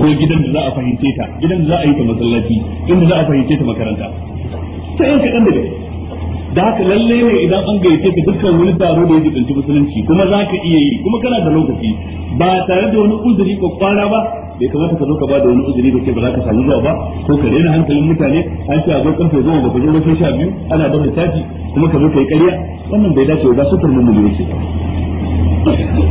ko gidan da za a fahimce ta gidan da za a yi ta masallaci inda za a fahimce ta makaranta sai yan kaɗan daga da haka lallai ne idan an gayyace ka dukkan wani taro da ya jibanci musulunci kuma za ka iya yi kuma kana da lokaci ba tare da wani uzuri ko kwana ba bai kamata ka zo ka ba da wani uzuri ba ce ba za ka samu zuwa ba ko ka daina hankalin mutane an ce a zo karfe goma ba ka zo wasu sha biyu ana da lissafi kuma ka zo ka yi ƙarya wannan bai dace ba su tarmi mu ce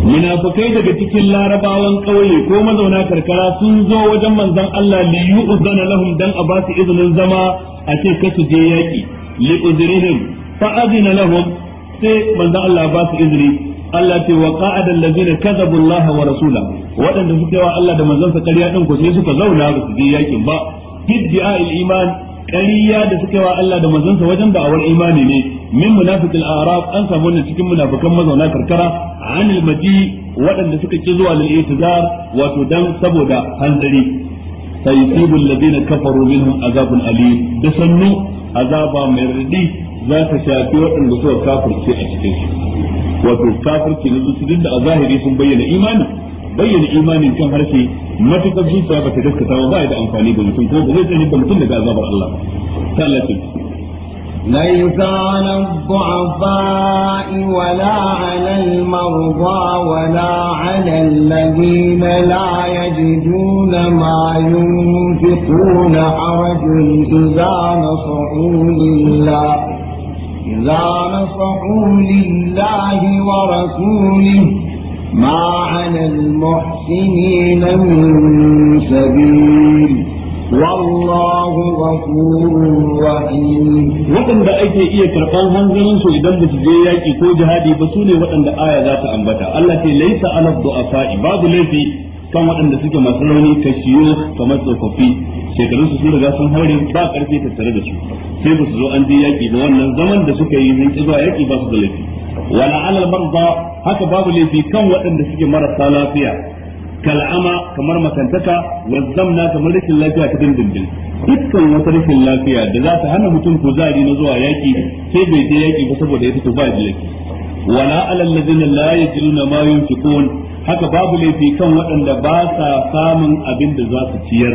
munafukai daga cikin larabawan ƙauye ko mazauna karkara sun zo wajen manzon Allah li yu'zana lahum dan a ba su izinin zama a ce ka su je yaƙi li udrihim fa adina lahum sai manzo Allah ba su izini Allah ce wa qa'ada allazina kadzabu Allah wa rasula waɗanda suka yi wa Allah da manzansa ƙarya din ko sai suka zauna su je yakin ba bid'a al-iman ƙarya da suka yi wa Allah da manzansa wajen da'awar imani ne min munafiqil a'rab an samu wannan cikin munafikan mazauna karkara anil madi waɗanda suka ki zuwa lil itizar wato dan saboda hanzari sayyibu alladhina kafaru minhum azabun alim da sannu azaba mai radi za ta shafi waɗanda suka kafirce a cikin shi wato kafirci na zuci da a zahiri sun bayyana imani bayyana imanin kan harshe matukar zuciya ba ta gaskata ba da amfani ga mutum ko ba zai daga azabar Allah ta Allah ليس على الضعفاء ولا على المرضى ولا على الذين لا إنما ينفقون حرج إذا نصحوا لله إذا نصحوا لله ورسوله ما على المحسنين من سبيل والله غفور رحيم waɗanda ake iya karɓar hanzarin idan ba su je yaƙi ko jihadi ba sune waɗanda aya za ta ambata Allah ce laisa ala babu laifi kan waɗanda suke masu rauni ka shiyo kamar tsofaffi shekarun su sun riga sun haure ba karfi tattare da su sai ba su zo an je yaki da wannan zaman da suka yi sun zuwa yaƙi ba su da laifi wala alal marda haka babu laifi kan waɗanda suke marasa lafiya kal'ama kamar makantaka zamna kamar rashin lafiya ta dindindin dukkan wata rashin lafiya da za ta hana mutum kuzari na zuwa yaki sai bai je yaki ba saboda ya fito ba jilaki wala alal ladina la yajiduna ma yunfiqun haka babu laifi kan waɗanda ba sa samun abin da za su ciyar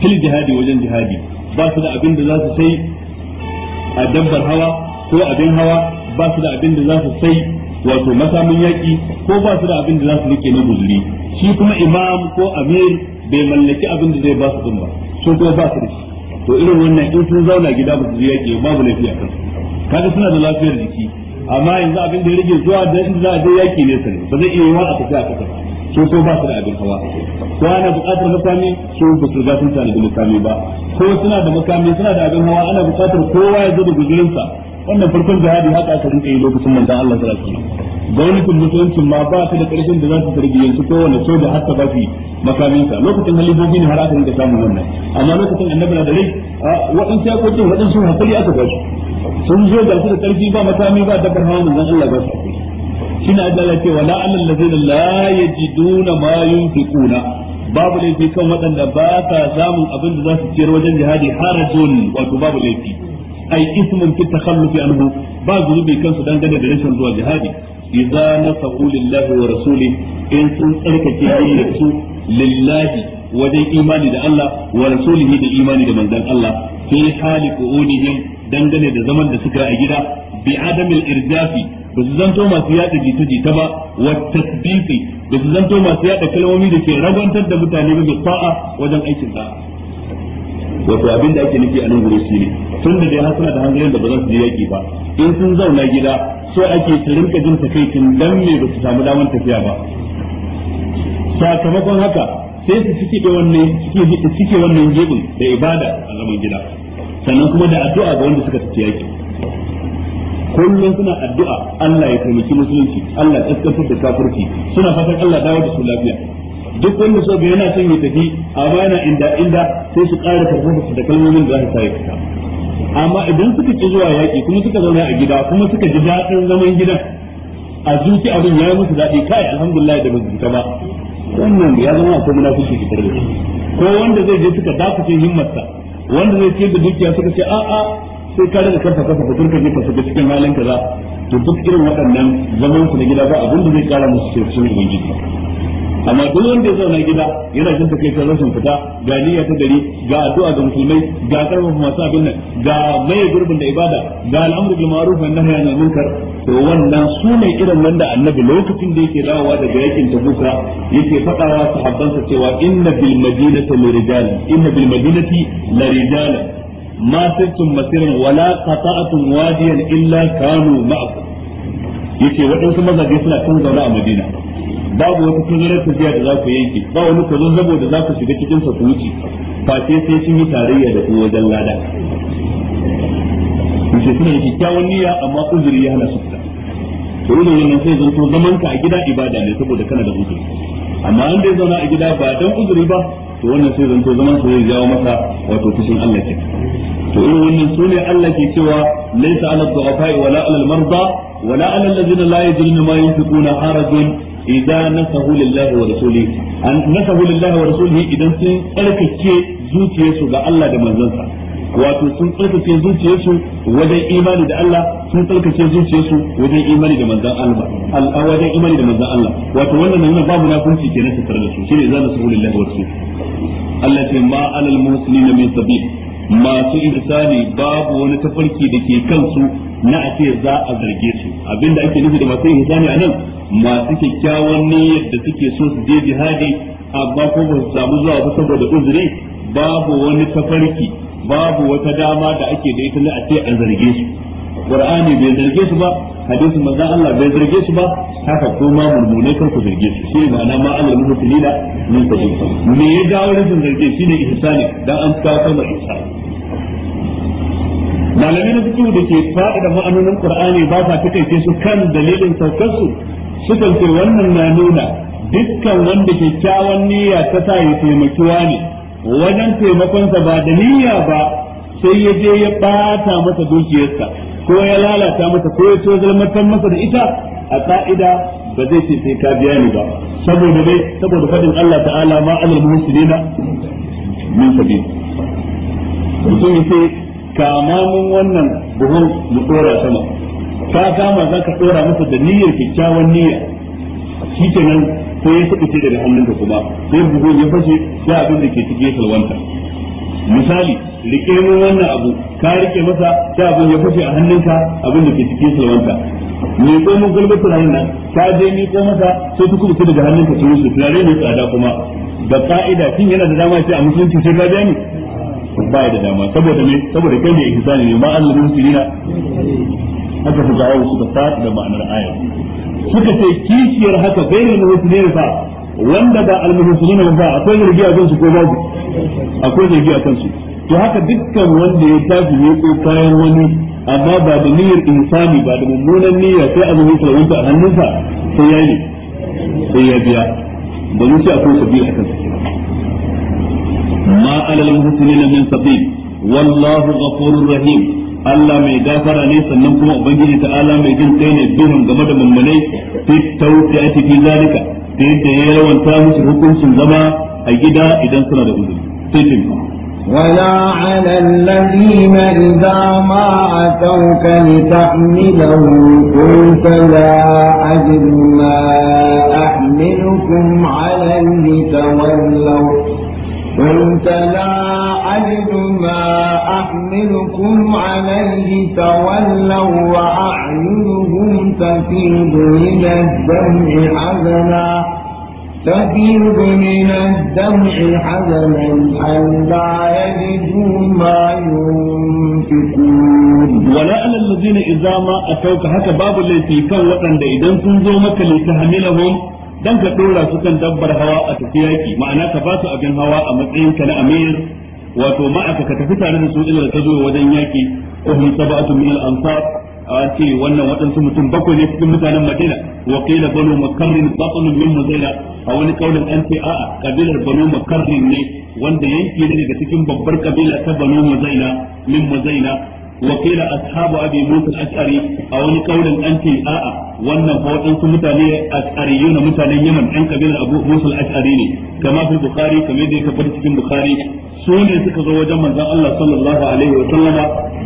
fil jihadi wajen jihadi ba su da abin da za su sai a dabbar hawa ko abin hawa ba su da abin da za su sai wato masamin yaƙi ko ba su da abin da za su rike na guzuri shi kuma imam ko amir bai mallaki abin da zai ba su ba so kuma ba su da shi to irin wannan in sun zauna gida ba su je yaƙi babu laifi a kan kaga suna da lafiyar jiki amma yanzu abin da ya rage zuwa da inda za a je yaki ne sani ba zai iya yi wa a tafi a kasa So, so ba su da abin hawa ko ana buƙatar makami su ba su riga sun tanadi makami ba ko suna da makami suna da abin hawa ana buƙatar kowa ya zo da guzurinsa wannan farkon jihadi haka aka rinka yi lokacin manzon Allah sallallahu alaihi wasallam gwamnatin musulunci ma ba ta da karfin da za su tarbi yanzu kowane soja har ta ba su makaminsa. sa lokacin halibobi ne har aka rinka samun wannan amma lokacin annabi na da rai waɗansu yakokin waɗansu hakuri aka ba su sun zo ga su da karfi ba makami ba dabbar hawa manzon Allah ba su shine Allah ya ce wala da ladzina la yajiduna ma yunfiquna babu laifi kan waɗanda ba ta samun abin da za su ciyar wajen jihadi harajun wato babu laifi ai ismun fi takhallufi anhu ba zunubi kansu dangane da rashin zuwa jihadi idza nasahu lillahi wa rasuli in sun tsarkake su lillahi wajen imani da Allah wa rasulihi da imani da manzon Allah fi hali qu'unihim dangane da zaman da suka yi a gida bi adamil irjafi ba su zanto masu yada jita jita ba wa tasbiqi ba su zanto masu yada kalmomi da ke ragantar da mutane ba sa'a wajen aikin sa'a wato abin da ake nufi a nan gurin shine tun da dai hasana da hanzarin da ba za su je yaki ba in sun zauna gida so ake su rinka jin takaicin dan me ba su samu daman tafiya ba sakamakon haka sai su cike wannan cike wannan gebin da ibada a zaman gida sannan kuma da addu'a ga wanda suka tafi yaki kullum suna addu'a Allah ya taimaki musulunci Allah ya kaskantar da kafirci suna fatan Allah dawo da su lafiya duk wanda so yana son ya tafi amma yana inda inda sai su ƙara karfafa da kalmomin da za su sa fita amma idan suka ci zuwa yaki kuma suka zauna a gida kuma suka ji daɗin zaman gidan a zuci abin ya yi musu daɗi kai alhamdulillah da musu ba wannan ya zama akwai munafiki fitar da ko wanda zai je suka dakace himmarsa wanda zai ce da dukiya suka ce a'a sai ka daga karfa kasa fitar ka ne ka saka cikin halin kaza to duk irin waɗannan zaman su na gida ba abin da zai kara musu sai sun ubangiji amma duk wanda ya zauna gida yana jin takaitar rashin fita ga niyya ta gari ga addu'a ga musulmai ga karfafa masu abin nan ga maye gurbin da ibada ga al'amru bil ma'ruf wa nahyi anil munkar to wannan su ne irin wanda annabi lokacin da yake dawowa daga yakin tabuka yake faɗawa sahabbansa cewa inna bil madinati lirijal inna bil madinati larijalan ma sirtum masiran wala qata'tum wadiyan illa kanu ma'akum yace waɗansu mazaje suna kan zaune a madina babu wata tazarar tafiya da za ku yanke ba wani kuzun zabo da za ku shiga cikin sa ku wuce ba sai sai sun yi tarayya da ku wajen lada kuke suna da kyakkyawan niyya amma uzuri ya hana su fita to irin wannan sai zanto zaman ka a gida ibada ne saboda kana da uzuri amma an dai zauna a gida ba dan uzuri ba to wannan sai zanto zaman sa zai jawo masa wato fushin Allah ke to irin wannan su ne Allah ke cewa laysa ala du'afa wala ala al-marda wala ala alladhina la yajiduna ma yunfiquna harajun idza nasahu lillahi wa rasulihi idan sun tsarkake zuciyarsu ga Allah da manzansa wato sun tsarkake zuciyarsu wajen imani da Allah sun tsarkake zuciyarsu wajen imani da manzan Allah wajen imani da manzan Allah wato wannan nuna babu nafunci kenan tattare da su shine idza nasahu lillahi wa rasulihi Allah ce ma alal muslimina min sabil masu irsani babu wani tafarki da ke kansu na a za a zarge su abinda ake nufi da masu irsani a nan masu kyakkyawan niyyar da suke so su je jihadi amma ko ba su samu zuwa ba saboda uzuri babu wani tafarki babu wata dama da ake da ita na a ce a zarge su qur'ani bai zarge su ba hadisin manzo Allah bai zarge su ba haka kuma murmune kan ku zarge su shi ma'ana ma Allah mutunila min sabil me ya dawo rashin zarge shine ihsani dan an kawo kalmar ihsani malamai na fikihu da ke fa'ida ma'anonin qur'ani ba sa takaice su kan dalilin saukar su sukan ce wannan na nuna dukkan wanda kyakkyawan niyya ta sa ya taimaki wani wajen taimakonsa ba da niyya ba sai ya je ya bata masa dukiyarsa ko ya lalata mata ko ya tozalmantar masa da ita a ka'ida ba zai ce sai ka biya ni ba saboda dai saboda fadin Allah ta'ala ma alal muslimina min sabil mutum yace kama mun wannan buhun mu dora sama ka kama za ka dora masa da niyyar kyakkyawan niyya shikenan sai ya saki daga hannunka kuma sai buhun ya fashe sai abin da ke cike salwanta misali rike mun wannan abu ka rike masa sai abin ya fashe a hannunka abin da ke cikin salwanta me ko mun gulbe turaren nan ka je ni ko masa sai tuku ku daga hannunka su musu turare ne tsada kuma da fa'ida kin yana da dama sai a musulunci sai ka je ni ba da dama saboda me saboda kai ne ihsani ne ma Allah musulina haka su ga su da fa'ida da ma'anar ayat suka ce kishiyar haka wasu ne fa wanda ba almuhsinuna ba akwai zargi a kansu ko babu akwai zargi a kansu to haka dukkan wanda ya tafi ya ko kayan wani amma ba da niyyar insani ba da mummunan niyya sai a zuwa salwanta a hannunsa sai ya yi sai ya biya domin sai akwai sabi a kansa ma alal muhsinina min sabil wallahu ghafurur rahim Allah mai gafara ne sannan kuma ubangiji ta'ala mai jin kai ne duhun game da mummunai fi tawfi'ati fi zalika da yadda ya rawanta musu hukuncin zama a gida idan suna da uzuri sai ce ولا على الذين إذا ما أتوك لتحملهم قلت لا أجد ما أحملكم عليه تولوا قلت لا أجد ما أحملكم عليه تولوا وأعينهم تفيض من الدمع حزنا تفيض من الدمع حزنا ألا يجدوا ما ينفقون ولعل الذين إذا ما أتوك هكا باب التي كان وطن إذا سنزومك لتحملهم dan ka dora su kan dabbar hawa a tafi yaki ma'ana ka ba su abin hawa a matsayin ka na amir wato ma'aka ka tafi tare da su ila ta zo wajen yaki uhum sab'atu min al-ansar a ce wannan waɗansu mutum bakwai ne cikin mutanen Madina wa qila banu makarrin batnun min muzaila a wani kaulin an ce a'a kabilar banu makarrin ne wanda yanki ne daga cikin babbar kabila ta banu muzaila min muzaila وقيل أصحاب أبي موسى الأشعري أو قول أنت آآ وأن فوتن متاني أشعريون متاني يمن عن قبيل أبو موسى الأشعري كما في البخاري كما يدي كفرت في البخاري سوني سكز وجم من الله صلى الله عليه وسلم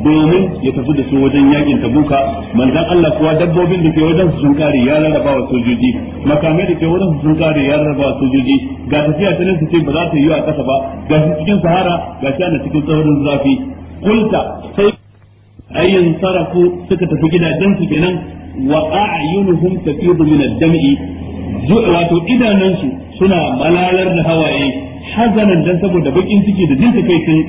domin ya tafi da su wajen yakin tabuka manzan Allah kuwa dabbobin da ke wajen su sun ya rarraba wa sojoji makamai da ke wajen su sun kare ya rarraba wa sojoji ga tafiya ta nan su ce ba za ta yi a kasa ba ga shi sahara ga shi cikin tsaurin zafi kulta ayyan sarafu suka tafi gidajen su kenan wa a'yunuhum tafidu min ad-dam'i wato idanansu suna malalar da hawaye hazanan dan saboda bakin ciki da jin takaitin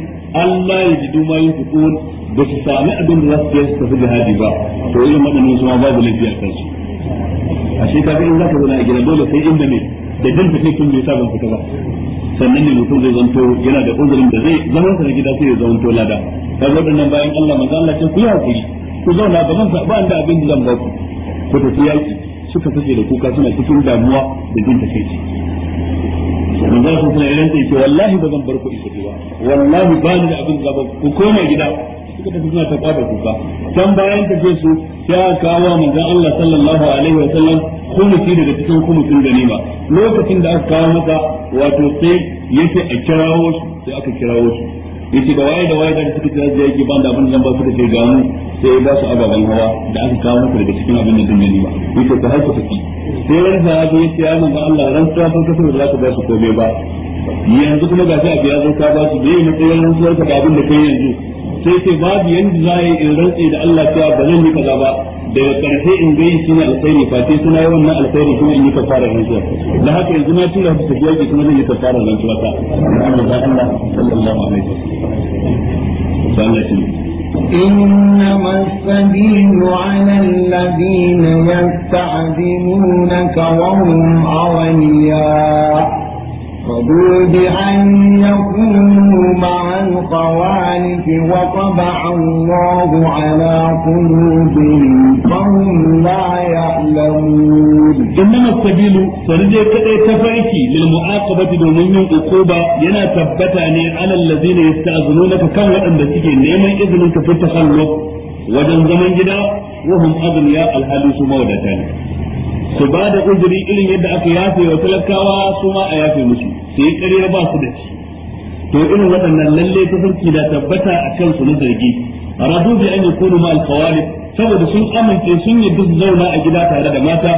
Allah ya ji duma yin fukun ba su sami abin da za su yi su tafi jihadi ba to yin waɗannan su ma babu laifi a kansu a shi ka in za ka zauna a gina dole sai inda ne da jin takaitin bai sa ban fita ba sannan ne mutum zai zanto yana da uzurin da zai zama sa gida sai ya zanto lada kaga wadannan bayan Allah manzo Allah ce ku yi hakuri ku zauna ba zan ba da abin da zan ba ku ku tafi yaki suka fice da kuka suna cikin damuwa da jin takeici manzo Allah sun sai ran sai ce wallahi ba zan bar ku isa ba wallahi ba ni da abin da zan ba ku koma gida suka tafi suna ta kwada kuka can bayan tafi su ya kawo manzon Allah sallallahu alaihi wa sallam shi daga cikin kumucin ganima lokacin da aka kawo maka wato sai yake a kirawo su sai aka kirawo su yace da waye da waye da suka tafi da yake banda abin da ba su da ke mu sai ba su ababen hawa da aka kawo maka daga cikin abin da dangane ba yace ka haiku sai da sahabi yace ya manzo Allah ran ta san kasar da zaka ba su komai ba yanzu kuma gashi a biya zo ka ba su bai matsayin ran suwar ka abin da kai yanzu sai sai babu yanda za yi in rantsi da Allah cewa ba zan yi kaza ba daga karshe in ga yin shine alkhairi fa sai suna yi wannan alkhairi kuma in yi kafara rantsuwa da haka yanzu na tura su tafiya ki kuma zan yi kafara rantsuwa ta Allah sallallahu alaihi wasallam إنما السبيل على الذين يستعذنونك وهم أغنياء رضوا بأن يكونوا مع الخوالف وطبع الله على قلوبهم فهم لا يعلمون إنما السبيل سرجع كأي تفايكي للمعاقبة دومين عقوبة ينا تبتاني على الذين يستأذنونك كم وأن بسيكي نيما إذنك في التخلق وجن زمن جدا وهم أغنياء الحال سمودتان su ba da uzuri irin yadda aka yafe wa talakawa su ma a yafe musu su yi ba su da shi to irin waɗannan lalle ta sarki da tabbata a kansu na zargi radu bi an yakunu ma al saboda sun amince sun yi duk zauna a gida tare da mata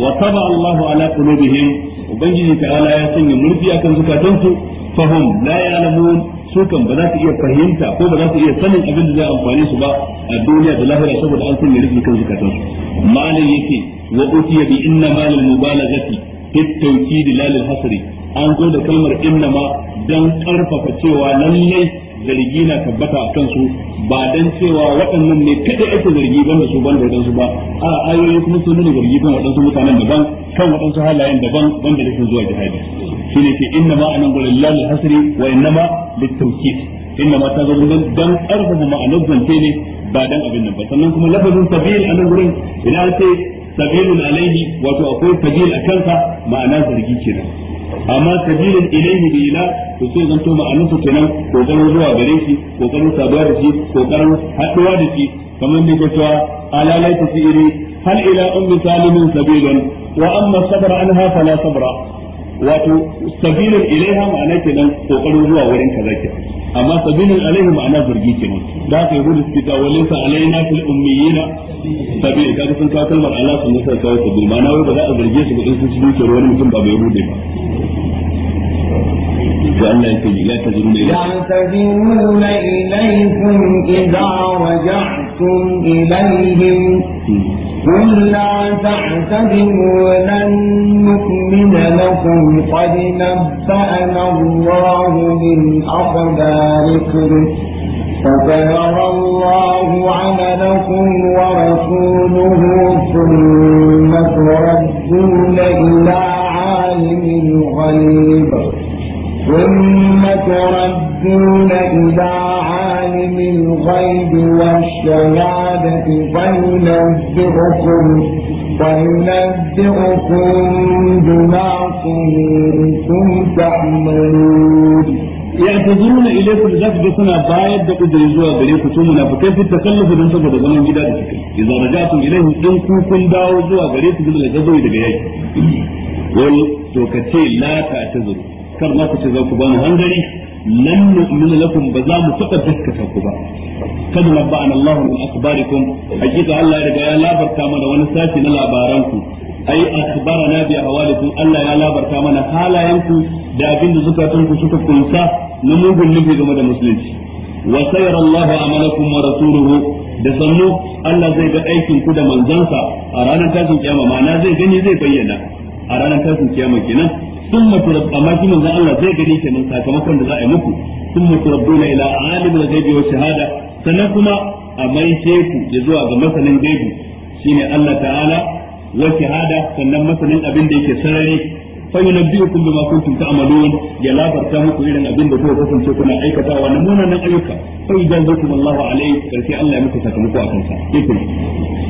wa taba Allahu ala qulubihim ubangiji ta'ala ya sanya murfi akan zukatansu fahum la ya'lamun su kan ba za su iya fahimta ko ba za su iya sanin abin da zai amfani su ba a duniya da lahira saboda an sanya rufi kan zukatan su malam yake wa utiya bi inna malal mubalaghati fi tawkid lal hasri an zo da kalmar inna ma dan karfafa cewa lallai zargi na tabbata a kansu ba dan cewa waɗannan ne kada ake zargi banda su banda waɗansu ba a ayoyi kuma sun nuna zargi kan waɗansu mutanen daban kan waɗansu halayen daban ban da zuwa jihadi shine ke inna ma anan gurin lillahi hasri wa inna ma litawkid inna ma ta zama gurin dan karfafa ma'anar zance ne ba dan abin nan ba sannan kuma lafazin sabil anan gurin ina ce sabilun alaihi wato akwai sabil a kanka ma'ana zargi kenan amma sabilun ilaihi bi ila to sai zanto ma'anarsa kenan kokarin zuwa gare shi kokarin saduwa da shi kokarin haɗuwa da shi kamar ne ka cewa ta fi iri hal ila ummi salimin sabilun wa amma sabra anha fala sabra wato sabilin ilaiha ma'ana kenan kokarin zuwa wurin kaza ke amma sabilin alaihi ma'ana zargi kenan da haka yahudu suke ta walaysa alaina fil ummiyina sabil kaga sun kawo kalmar ala sun nasa kawo sabilin ma'ana wai ba za a zarge su ba in sun ci dukiyar wani mutum ba bai rude ba وألا يعتذرون إليكم يعتذرون إليكم إذا رجعتم إليهم قل لا تعتذروا لن نؤمن لكم قد نبأنا الله من أخباركم فسيرى الله عملكم ورسوله ثم تردون إلى عالم الغيب ثم تردون إلى عالم الغيب والشهادة فينبئكم فينبئكم بما كنتم تعملون يعتذرون إليكم لذلك سنة بايد دا قدر يزوى بريكم ثم منافقين في التكلف دون سبب زمن جدا إذا رجعتم إليهم إن كنتم داو زوى بريكم إلا لتزوى دقائق قل توكتي لا تعتذروا kar ma ku ce za ku ba mu lan nu'minu lakum ba za mu taɓa gaskata ku ba kad nabba'ana Allahu min akhbarikum hakika Allah ya riga ya labarta mana wani sashi na labaranku ai akhbarana bi ahwalikum Allah ya labarta mana halayenku da abin da zukatanku suka kunsa na mugun nufi game da musulunci wa sayyara Allahu amalakum wa rasuluhu da sannu Allah zai ga aikin ku da manzansa a ranar tashin kiyama ma'ana zai gani zai bayyana a ranar tashin kiyama kenan thumma amma shi manzon Allah zai gani kenan sakamakon da za a yi muku thumma turabuna ila alimul ghaibi wa shahada sannan kuma a maishe ya zuwa ga masanin gaibi shine Allah ta'ala wa shahada sannan masanin abin da yake sarari fa yunabbiukum bima kuntum ta'malun ya labarta muku irin abin da kuka kasance kuna aikatawa na munanan ayyuka fa yajzakum Allahu alayhi sai Allah ya muku sakamako akan sa yake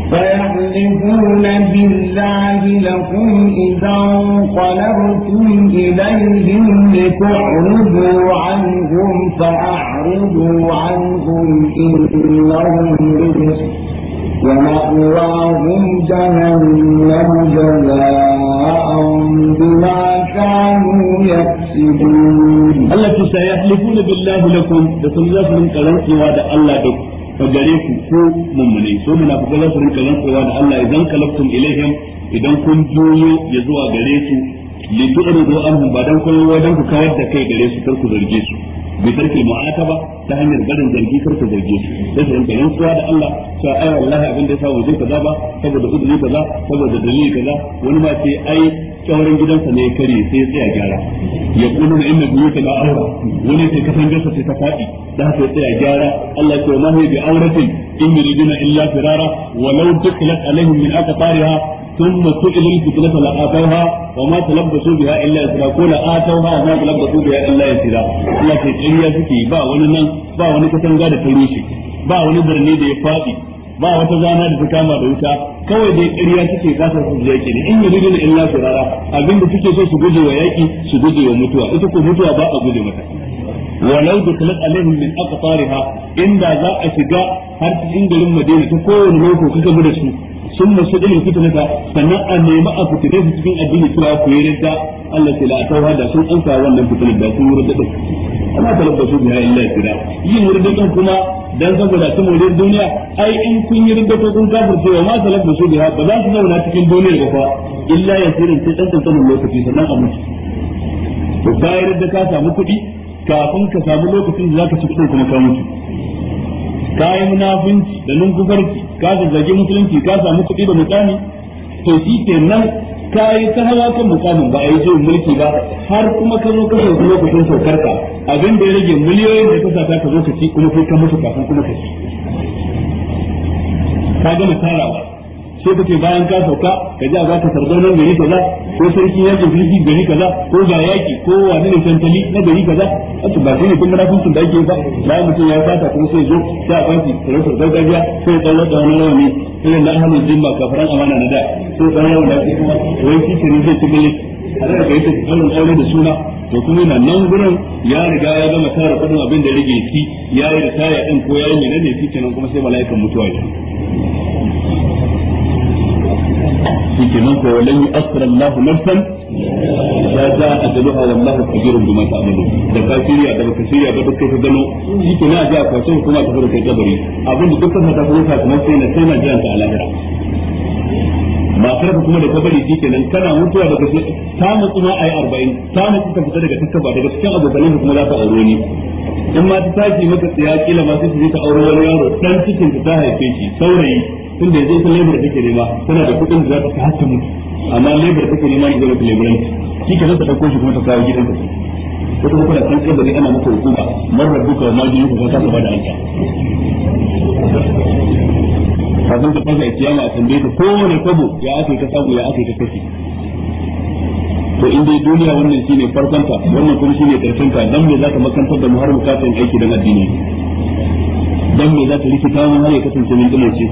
فيحلفون بالله لكم إذا انقلبتم إليهم لتعرضوا عنهم فأعرضوا عنهم إنهم رجس ومأواهم جهنم جزاء بما كانوا يكسبون التي سيحلفون بالله لكم لتنزل من كلامك وعد الله بك fagare ku ko mummune so muna fuka za su rinka rantsuwa da Allah idan kalaftum ilaihim idan kun juyo ya zuwa gare su li tu'ridu anhum ba dan kullu ku kayar da kai gare su kar ku zarge su bi tarkil mu'ataba ta hanyar barin zargi kar ku zarge su sai su rinka rantsuwa da Allah a ai wallahi abin da yasa wajen kaza ba saboda kudi kaza saboda dalili kaza wani ma ai kyauren gidansa ne ya karye sai ya tsaya gyara ya kuma na inna buyuta la aura wani sai gasa sai ta faɗi da haka ya tsaya gyara Allah ya ce ma bi auratin in yuridina illa firara walau duklat alaihim min aqtariha ثم سئلوا الفتنة لآتوها وما تلبسوا بها إلا يسيرا قول آتوها وما تلبسوا بها إلا يسيرا لكن إن يسكي با ونن با ونكتن غادة تروشي ba wani birni da ya faɗi ba wata zana da ta kama da wuta kawai dai ƙarya suke kasar su yaƙi ne in yuridun illa rara. abinda suke so su guje wa yaƙi su guje wa mutuwa ita ko mutuwa ba a guje mata walau da kalat alaihim min aqtariha inda za a shiga har cikin garin Madina ta kowane loko kuka mu da su sun mashi dalil fitnata sannan a nemi a fitne su cikin addini cewa ku yi rinta Allah ta la tawha da sun amsa wannan fitnar da sun rudda din amma talabbasu biha illa kira yin rudda kuma dan saboda su murid duniya ai in kun yi rudda ko kun kafirce wa ma talabbasu biha ba za su zauna cikin duniya ba fa illa yasirin sai dan kankanin lokaci sannan a mutu to bayar da ka samu kuɗi kafin ka samu lokacin da zaka ci kuɗin kuma ka mutu ka yi munafunci da lungufarci ka zazzage musulunci ka samu kuɗi da mutane to shi ke nan ka yi ta hawa kan mukamin ba a yi jirin mulki ba har kuma ka zo ka lokacin saukar ka abin da ya rage miliyoyin da ka sata ka zo ka ci kuma kai ka mutu kafin kuma ka ci ka gama tarawa sai kace bayan ka sauka ka ji a za ka nan gari kaza ko sarki ya jefi shi gari kaza ko ga yaki ko wani ne tantali na gari kaza wato ba shine kun munafincin da ake ba bayan mutum ya fata kuma sai zo sai a kwanci sarautar gargajiya sai ya tsawo da wani rawani irin na ahlul jimma kafaran amana na da sai dan yawan da kuma wai shi ne zai ci gani a da ga yake tsaron aure da suna to kuma yana nan gurin ya riga ya gama tara kudin abin da rage shi ya yi da taya din ko ya yi menene shi kenan kuma sai mala'ikan mutuwa ne shi nan ko lan yasra Allah nafsan ya ja ajaluha wallahu kabirun bima ta'malu da ka shirya da baka shirya a duka ka gano shi a na ja ko sai kuma ka fara kai kabari abin da dukkan mata kuma sai na sai na jiran ta a lahira matar ka kuma da ta bari kenan kana mutuwa daga shi ta mutu ma ayi arba'in ta mutu ka fita daga tukka ba daga cikin abokanin ka kuma za ka aure ni in ma ta tashi maka tsaya kila ma sai ta aure wani yaro dan cikin ta haife shi saurayi tun da yanzu ita lebar take nema tana da kuɗin da za ta haka mutu amma lebar take nema ne zai mata leburanci shi ke zata ɗauko shi kuma ta kawo gidanka ko kuma san kan kadari ana maka hukuma marar duka ma majiyar ka ta saba da kafin ka farka kiyama a tambaye ka kowane kwabo ya ake ka samu ya ake ka kashe to in dai duniya wannan shine farkon ta wannan kuma shine karshen ta dan me zaka makantar da mu har aiki dan addini dan me zaka rikita mu har ya kasance mun dumace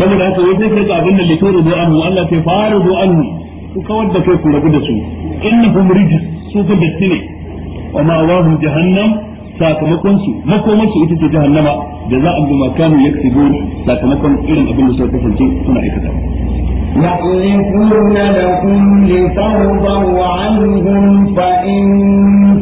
saboda haka wai sai ka abin da litoro do anhu Allah sai faru do ku kawar da kai ku rabu da su innahum rijis su ga datti ne wa ma wahum jahannam sakamakon su makomashi ita ce jahannama da za a bima kanu yaktubu sakamakon irin abin da suka kasance suna aikata يحلفون لكم لترضوا عنهم فإن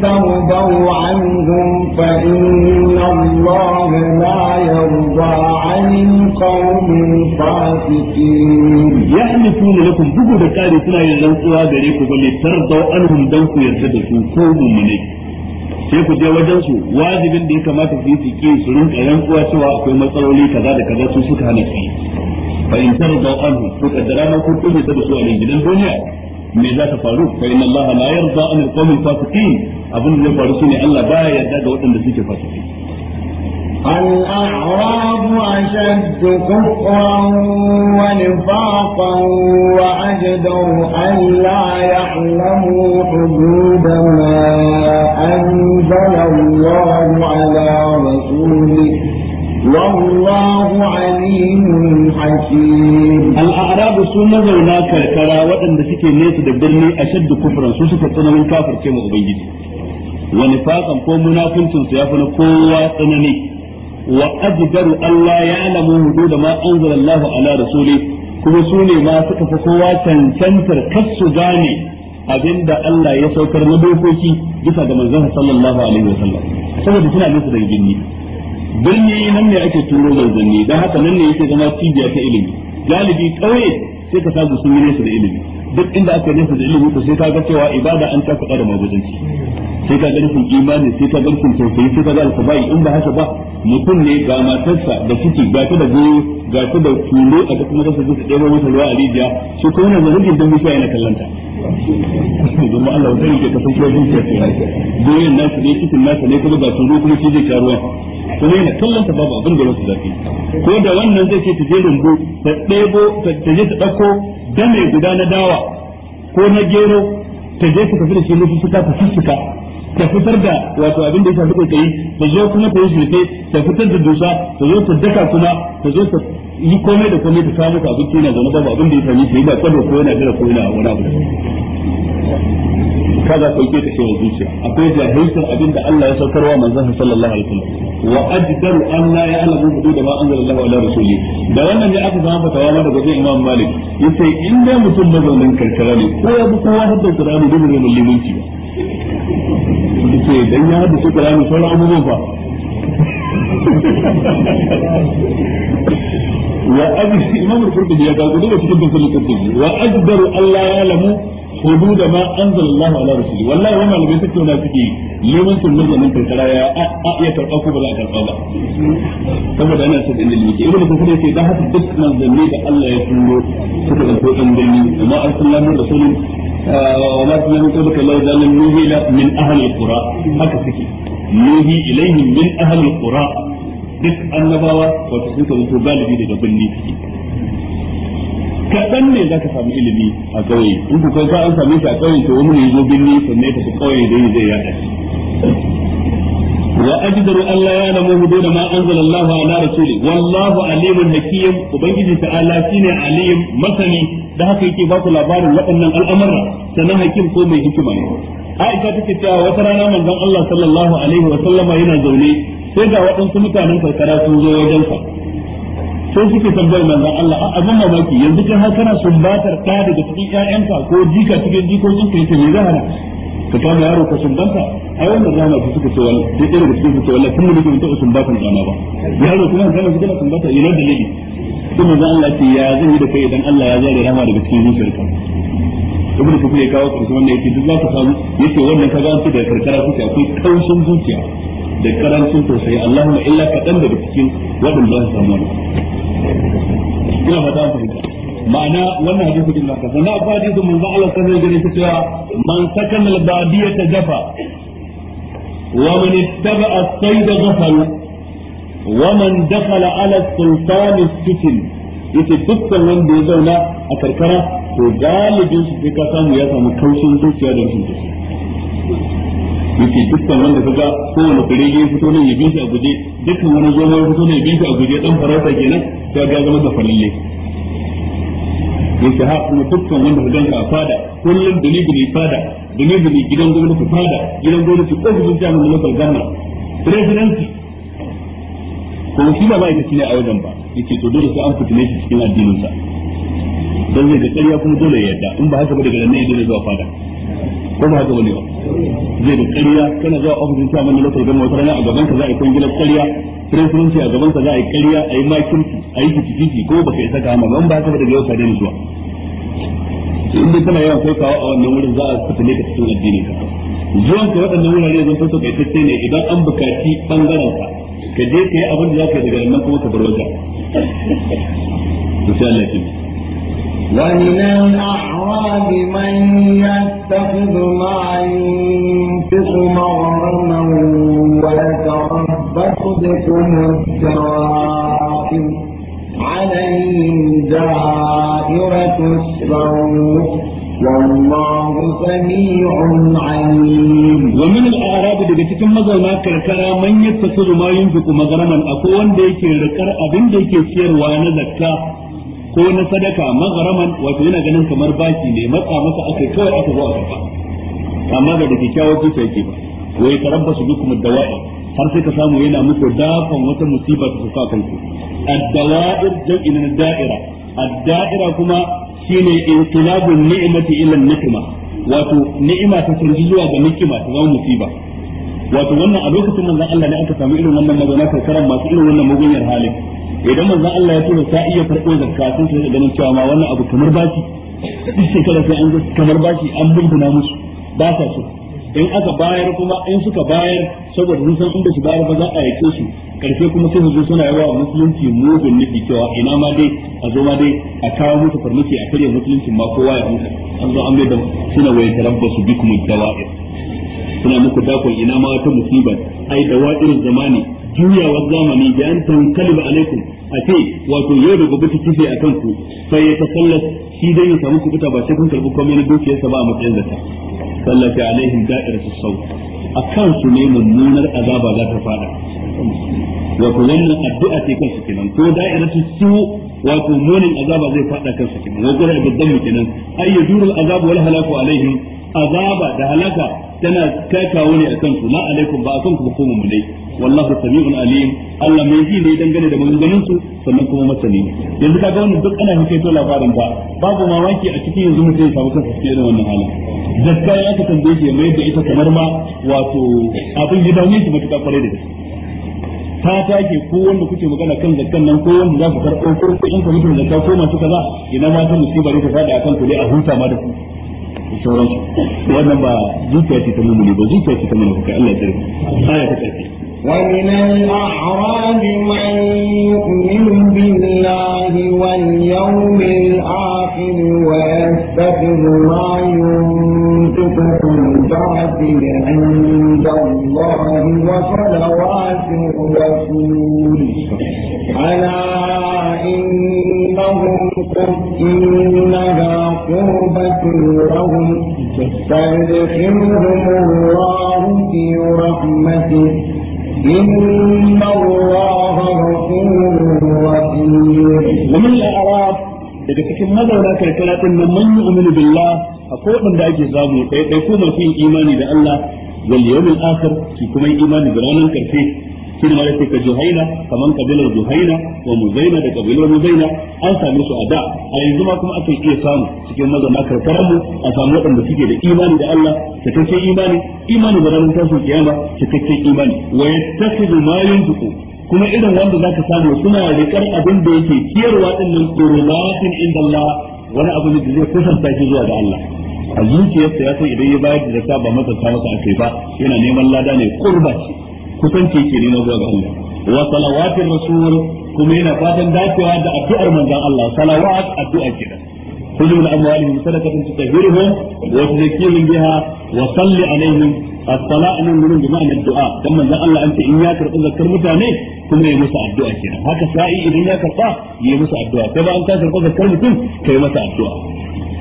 ترضوا عنهم فإن الله لا يرضى عن القوم الفاسقين يحلفون لكم بقوا بكاري سنة يلنسوا بريكم لترضوا عنهم دوكوا يرتدوا كوم منك sai ku je wajen su wajibin da ya kamata su yi su su rinka yankuwa cewa akwai matsaloli kaza da kaza su suka hana su fa in da anhu ku kaddara ma ku tuje da su a gidan duniya me za ta faru fa inna allaha la yarda an alqawmi fasiqin abin da ya faru shine Allah baya yarda ga waɗanda suke fasiki الأعراب أشد كفرا ونفاقا وأجدر أن لا يعلموا حدود ما أنزل الله على رسوله والله عليم حكيم الأعراب سنة زونا كركرا وأن سكي نيس دبرني أشد كفرا سوسة تنمي كافر كما أبيجي ونفاقا قومنا كنتم سيافنا قوة تنمي wa ajdaru alla ya'lamu da ma anzala Allahu ala sune kuma su ma suka fi kowa cancantar kasu gane abinda Allah ya saukar na dokoki bisa da manzon sallallahu alaihi wasallam saboda suna nesa da jinni birni nan ne ake turo manzanni dan haka nan ne yake zama cibiya ta ilimi galibi kauye sai ka samu sun yi nesa da ilimi duk inda aka nesa da ilimi to sai ka ga cewa ibada an ta faɗa da magudanci sai ka ga nufin imani sai ka ga nufin tausayi sai ka ga alfabai in ba haka ba mutum ne ga matarsa da ciki ga ta da goyo ga ta da turo a kuma rasa zuwa ɗaya masa ruwa a rijiya shi ko yana zargin don bishiya yana kallanta domin Allah zai ke kasance wajen shi a tsaye goyon nasu ne cikin nasa ne kuma ga turo kuma shi zai karuwa kuma yana kallon ta babu abin da wasu zafi ko da wannan zai ce ta je rumbu ta ɗebo ta je ta ɗauko dame guda na dawa ko na gero ta je ta tafi da shi mutu suka ta sussuka ta fitar da wato abin da ya shafi kai ta zo kuma ta yi shirke ta fitar da dusa ta zo ta daka kuma ta zo ta yi komai da komai ta samu maka abinci yana zaune babu abin da ya sami yi ba kwado ko yana jira ko yana wani abu ka za ku ke ta cewa zuciya akwai jahilcin abin da Allah ya saukarwa manzon sallallahu alaihi wasallam wa ajdaru an la ya'lamu hudud ma anzalallahu ala rasuli da wannan ne aka samu fatawa ma daga Imam Malik yace in dai mutum mazaunin karkara ne ko ya bi kowa hadda Qur'ani da bai mun limanci ba yace dan ya hadda Qur'ani sauran abubuwan fa wa ajdaru Imam al-Qurtubi ya ga gudu da cikin tafsirin wa ajdaru Allah ya ya'lamu da ma anzalallahu ala rasuli wallahi wannan malamai suke wani suke limancin murjanin karkara ya a iya karɓa ko ba za a karɓa ba saboda ana son ɗan dalili ibnu kasir yace dan haka duk manzanni da Allah ya turo suka zanto ɗan dalili amma arsalallahu rasulun وما كنا من قبلك لو زال نوهي من أهل القرى هكا سكي نوهي إليهم من أهل القرى duk annabawa wato sun karanto galibi daga birni suke kaɗan ne za ka samu ilimi a ƙauye in ku kai ka an same shi a ƙauye to wani ne zo binni sannan tafi ƙauye dai zai yaɗa shi wa ajdaru Allah ya namu hudu da ma anzala Allah ala rasuli wallahu alimun hakim ubangiji ta'ala shine alim masani da haka yake ba ku labarin waɗannan al'amura sannan hakim ko mai hikima ne Aisha take cewa wata rana manzon Allah sallallahu alaihi wa sallama yana zaune sai ga waɗansu mutanen karkara sun zo wajensa sai suke tambayar manzon Allah abin mamaki yanzu kai har kana sumbatar ka daga cikin ƴaƴanka ko jika cikin jikokin ka yake me za hana ka kama yaro ka sumbanta ai wannan rana su suka ce wallahi sai daga cikin su ce wallahi kuma mun ta da ma ba yaro kuma kan su kana sumbata ina dalili kuma manzon Allah ce ya zan yi da kai idan Allah ya zare rama daga cikin zuciyarka ibn kufri ya kawo karshe wannan yake duk za ka samu yake wannan kaga su da karkara kuke akwai kaushin zuciya da karancin tausayi Allahumma illa kadan daga cikin waɗanda za su samu ina fata an fahimta ma'ana wannan hadisi din naka sannan akwai hadisin manzo Allah sai ya gani cewa man sakan al ta jafa wa man ittaba as-sayda ghafala wa man dakhala ala as-sultan as-sitn yace dukkan wanda ya zauna a karkara to galibin su sai ka samu ya samu kaushin zuciya da rashin zuciya yake dukkan wanda kaga kowane kare ya fito nan ya bi shi a guje dukkan wani zoma ya fito nan ya bi shi a guje dan farauta kenan ta ga zama da falalle yake ha kuma dukkan wanda ka a fada kullum da ni gidi fada da ni gidi gidan gwamnati fada gidan gwamnati ofishin jami'an da local government presidency kuma shi ba ma'aikaci ne a wajen ba yake to dole sai an fitile shi cikin addininsa don zai ga ƙarya kuma dole ya yarda in ba haka ba daga nan ne dole zuwa fada ko ba haka bane ba zai da ƙarya kana zuwa ofisin chairman na lokacin government wata a gaban ka za a yi kwangilar ƙarya presidency a gaban ka za a yi ƙarya a yi makinci a yi kici ko baka isa ka amma ba ka daga yau ka daina zuwa in dai kana yawan kawo a wannan wurin za a fitile ka cikin addinin ka zuwan ka waɗannan wurare zan fito kai tace ne idan an bukaci bangaren ka ka je ka yi abin da za ka yi daga nan kuma ka bar wajen to Allah ya ومن الأعراب من يتخذ ما ينفق مغرما ويتربص بكم الدراهم عليهم دائرة السوء والله سميع عليم ومن الاعراب daga cikin mazauna karkara man yattasu ma yunfiku magaraman akwai wanda yake rikar abin da yake siyarwa na zakka ko na sadaka magharaman wato yana ganin kamar baki ne matsa masa aka kawai aka zo a karba amma da kyakkyawar zuciya yake ba wai duk bikum dawa'i har sai ka samu yana muku dafan wata musiba ta su kan ku ad-dawa'ir jam'i na da'ira ad-da'ira kuma shine inqilabun ni'mati ila nikma wato ni'ima ta canji zuwa ga nikima ta zama musiba wato wannan a lokacin manzon Allah ne aka samu irin wannan mazauna karkaran masu irin wannan mugunyar halin idan manzon Allah ya tura ta iya farko zakka sun sai ganin cewa ma wannan abu kamar baki sai kada sai an ga kamar baki an bumbuna musu ba sa so in aka bayar kuma in suka bayar saboda sun san inda su bayar ba za a yake su karshe kuma sai su zo suna yawa musulunci mugun nufi cewa ina ma dai a zo ma dai a kawo musu farmaki a karya musulunci ma kowa ya huta an zo an bai da suna waye tarabbasu bikum dawa'ir suna muku dakon ina ma wata musibar ai dawa'ir zamani juyawar zamani da an tankaliba alaikum a ce wato yau da gobe ta kife a kanku sai ya tasallas shi dai ya samu kubuta ba sai kun karbi komai na dukiyarsa ba a matsayin zakka sallati alaihim da'iratus saut akan su ne mummunar azaba za ta fada wato wannan addu'a ce kansu kenan ko da'iratu su wato munin azaba zai fada kansu kenan wa qura bi dhammi kenan ay yaduru azab wal halaku alaihim azaba da halaka tana kai kawo ne akan su la alaikum ba akan ku ba kuma mulai wallahu sami'un alim Allah mai ji ne dangane da maganganun su sannan kuma masani yanzu kaga wannan duk ana hike to labarin ba babu mamaki a cikin yanzu mutum ya samu kansa cikin irin wannan halin zakka ya ka tambaye shi mai da ita kamar ma wato abin gidan yake mutaka kware da gaske ta take ko wanda kuke magana kan zakkan nan ko wanda za ku karɓo ko kuɗin kwamitin zakka ko masu kaza ina ma san musiba ne ta faɗi akan ku dai a huta ma da ku sauransu wannan ba zuciya ce ta mummuni ba zuciya ce ta mummuni kai Allah ya tsare aya ta ƙarfi ومن الأحراب من يؤمن بالله واليوم الآخر ويستخر ما ينفق قدراته عند الله وصلوات الرسول ألا إنهم قد إنها قربة لهم فادخلهم الله في رحمته إن الله غفور رحيم ومن الأعراب daga cikin mazauna karkara din nan man yu'minu a akwai wanda ake samu dai dai ko masu imani da Allah wal yawmil akhir kuma imani da ranar karshe shi ne mara ka juhaina kaman kabilar juhaina wa muzaina da kabilar muzaina an same su a da a yanzu ma kuma aka iya samu cikin mazauna karkarar mu a samu waɗanda suke da imani da Allah cikakken imani imani da ranar tashin kiyama cikakken imani wa yattakhidhu ma yunfiqu kuma irin wanda zaka samu suna rikar abin da yake kiyarwa din nan qurbatin inda Allah wani abu ne da zai kusanta shi zuwa ga Allah a zuciyarsa ya san idan ya bayar da zakka ba masa ta masa akai ba yana neman lada ne qurba kusanci ke nema zuwa ga Allah wa salawatin rasul kuma yana fatan dacewa da addu'ar manzon Allah salawat addu'a ke nan kullu min amwalihim sadaqatan tutahhiruhum wa tuzakkihim biha wa salli alaihim as-salaa min nurin bi ma'na ad-du'a dan manzon Allah anta in ya karbi zakar mutane kuma ya musu addu'a ke nan haka sai idan ya karba ya musu addu'a sai ba an ta karba zakar mutum kai masa addu'a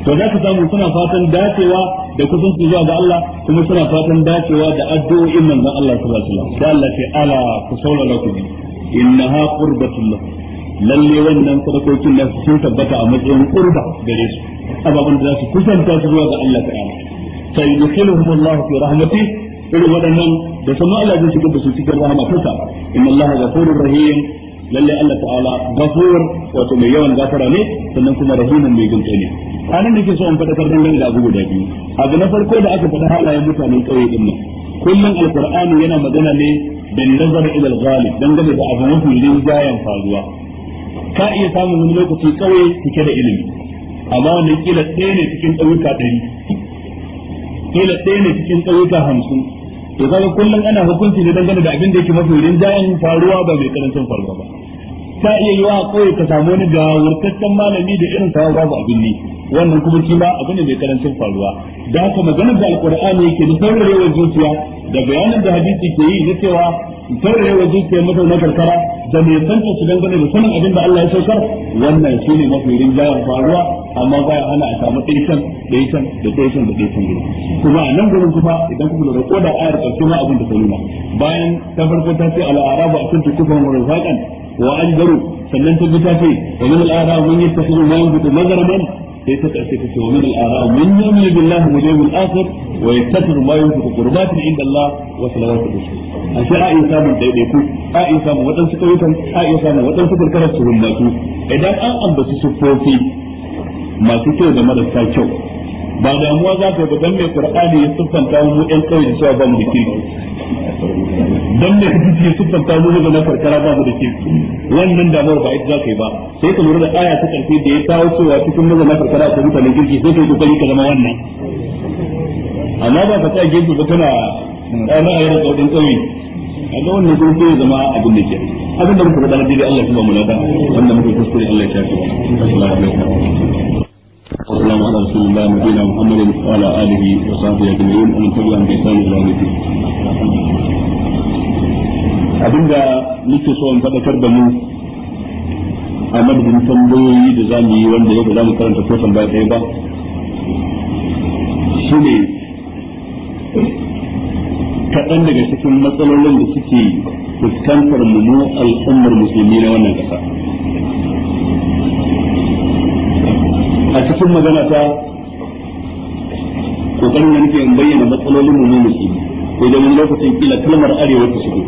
to za ka samu suna fatan dacewa da kusanci zuwa ga Allah kuma suna fatan dacewa da addu'o'in ga Allah sallallahu alaihi wasallam Allah ce ala ku saurara ku ji innaha qurbatul lakum lalle wannan sadakokin nan sun tabbata a matsayin qurba gare su ababan da za su kusanta su zuwa ga Allah ta'ala sai yukhiluhum Allah fi rahmatihi irin waɗannan da sama Allah zai shigar da su cikin rahmatinsa inna Allah ghafurur rahim lalle Allah ta'ala gafur wato mai yawan gafara ne sannan kuma rahimun mai gunta ne anan da ke so in faɗakar dangane da abu guda biyu abu na farko da aka faɗa halayen mutanen ƙauye din nan kullum alqur'ani yana magana ne bin nazar ila al-ghalib dangane da abu mafi rinjayen faruwa ka iya samun wani lokaci ƙauye cike da ilimi amma wanda kila ɗaya ne cikin ɗauyuka ɗari kila ɗaya ne cikin ɗauyuka hamsin to kaga kullum ana hukunci ne dangane da abin da yake mafi rinjayen faruwa ba mai karancin faruwa ba ta iya yiwa kawai ka samu wani ga wurtaccen malami da irin sa babu abin ne wannan kuma shi ma abu ne mai karancin faruwa da haka maganar da alqur'ani yake da sauraron zuciya da bayanin da hadisi ke yi na cewa sarrafa wa zuciyar mazauna karkara da mai santa su dangane da sanin abin da Allah ya saukar wannan shi ne mafi rinjayar faruwa amma baya hana a samu ɗaitan ɗaitan da ɗaitan da ɗaitan gudu kuma a nan gurin kuma idan kuma da ko da ayar ƙarshe ma abin da ta nuna bayan ta farko ta ce al'arabu a kuntu kufan wa rifaƙan wa an sannan ta bi ta ce wa al'arabu mun yi tafiru ma yanzu da mazarman sai ta karshe ta ce wa min al-ara min yu'minu billahi wal yawmil akhir wa yattaqiru ma yunfiqu qurbatin inda Allah wa salawatu bihi a shi a isa mun daidai ku a isa mun wadansu kauyukan a isa mun waɗansu karkarar su rumbatu idan an ambaci sufofi masu kyau da marasa kyau ba damuwa za ka yi dan mai qur'ani ya siffanta mu ɗan kawai da cewa ba mu da kirki dan mai hadisi ya siffanta mu da na karkara ba mu da kirki wannan damuwar ba ita za ka yi ba sai ka lura da aya ta karfe da ya kawo cewa cikin na karkara ta mutanen kirki sai ka yi kokari ka zama wannan amma ba ka sa gefe ba tana ɗana a yadda ɗan kawai a ga wannan sun sai zama abin da ke abin da muka faɗa na daidai Allah kuma ba mu lada wanda muka kuskure Allah ya shafi wa alaikum والسلام على رسول الله نبينا محمد وعلى اله وصحبه اجمعين ومن تبعهم باحسان الى يوم الدين abinda nake so in faɗakar da mu a madadin tambayoyi da za mu yi wanda yau za mu karanta ko tambaya ɗaya ba shi ne kaɗan daga cikin matsalolin da suke fuskantar mu al'ummar musulmi na wannan ƙasa ƙarshen magana ta kokarin da nake bayyana matsalolin mu ne musu ko da mun lokacin kila kalmar arewa ta shigo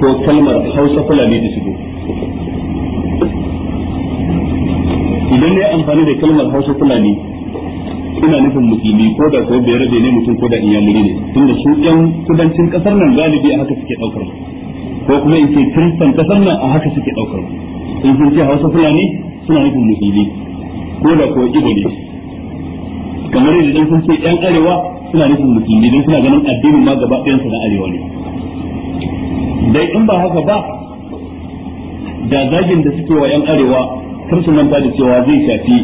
ko kalmar hausa fulani ta shigo idan ne amfani da kalmar hausa fulani ina nufin musulmi ko da ko bai rabe ne mutum ko da iyamuri ne tunda su yan kudancin kasar nan galibi a haka suke daukar ko kuma in ce kristan kasar nan a haka suke daukar in sun ce hausa fulani suna nufin musulmi ko da ko ido ne kamar yadda dan sun ce yan arewa suna nufin musulmi don suna ganin addinin ma gaba ɗayan su na arewa ne dai in ba haka ba da zagin da suke wa yan arewa kar su manta da cewa zai shafi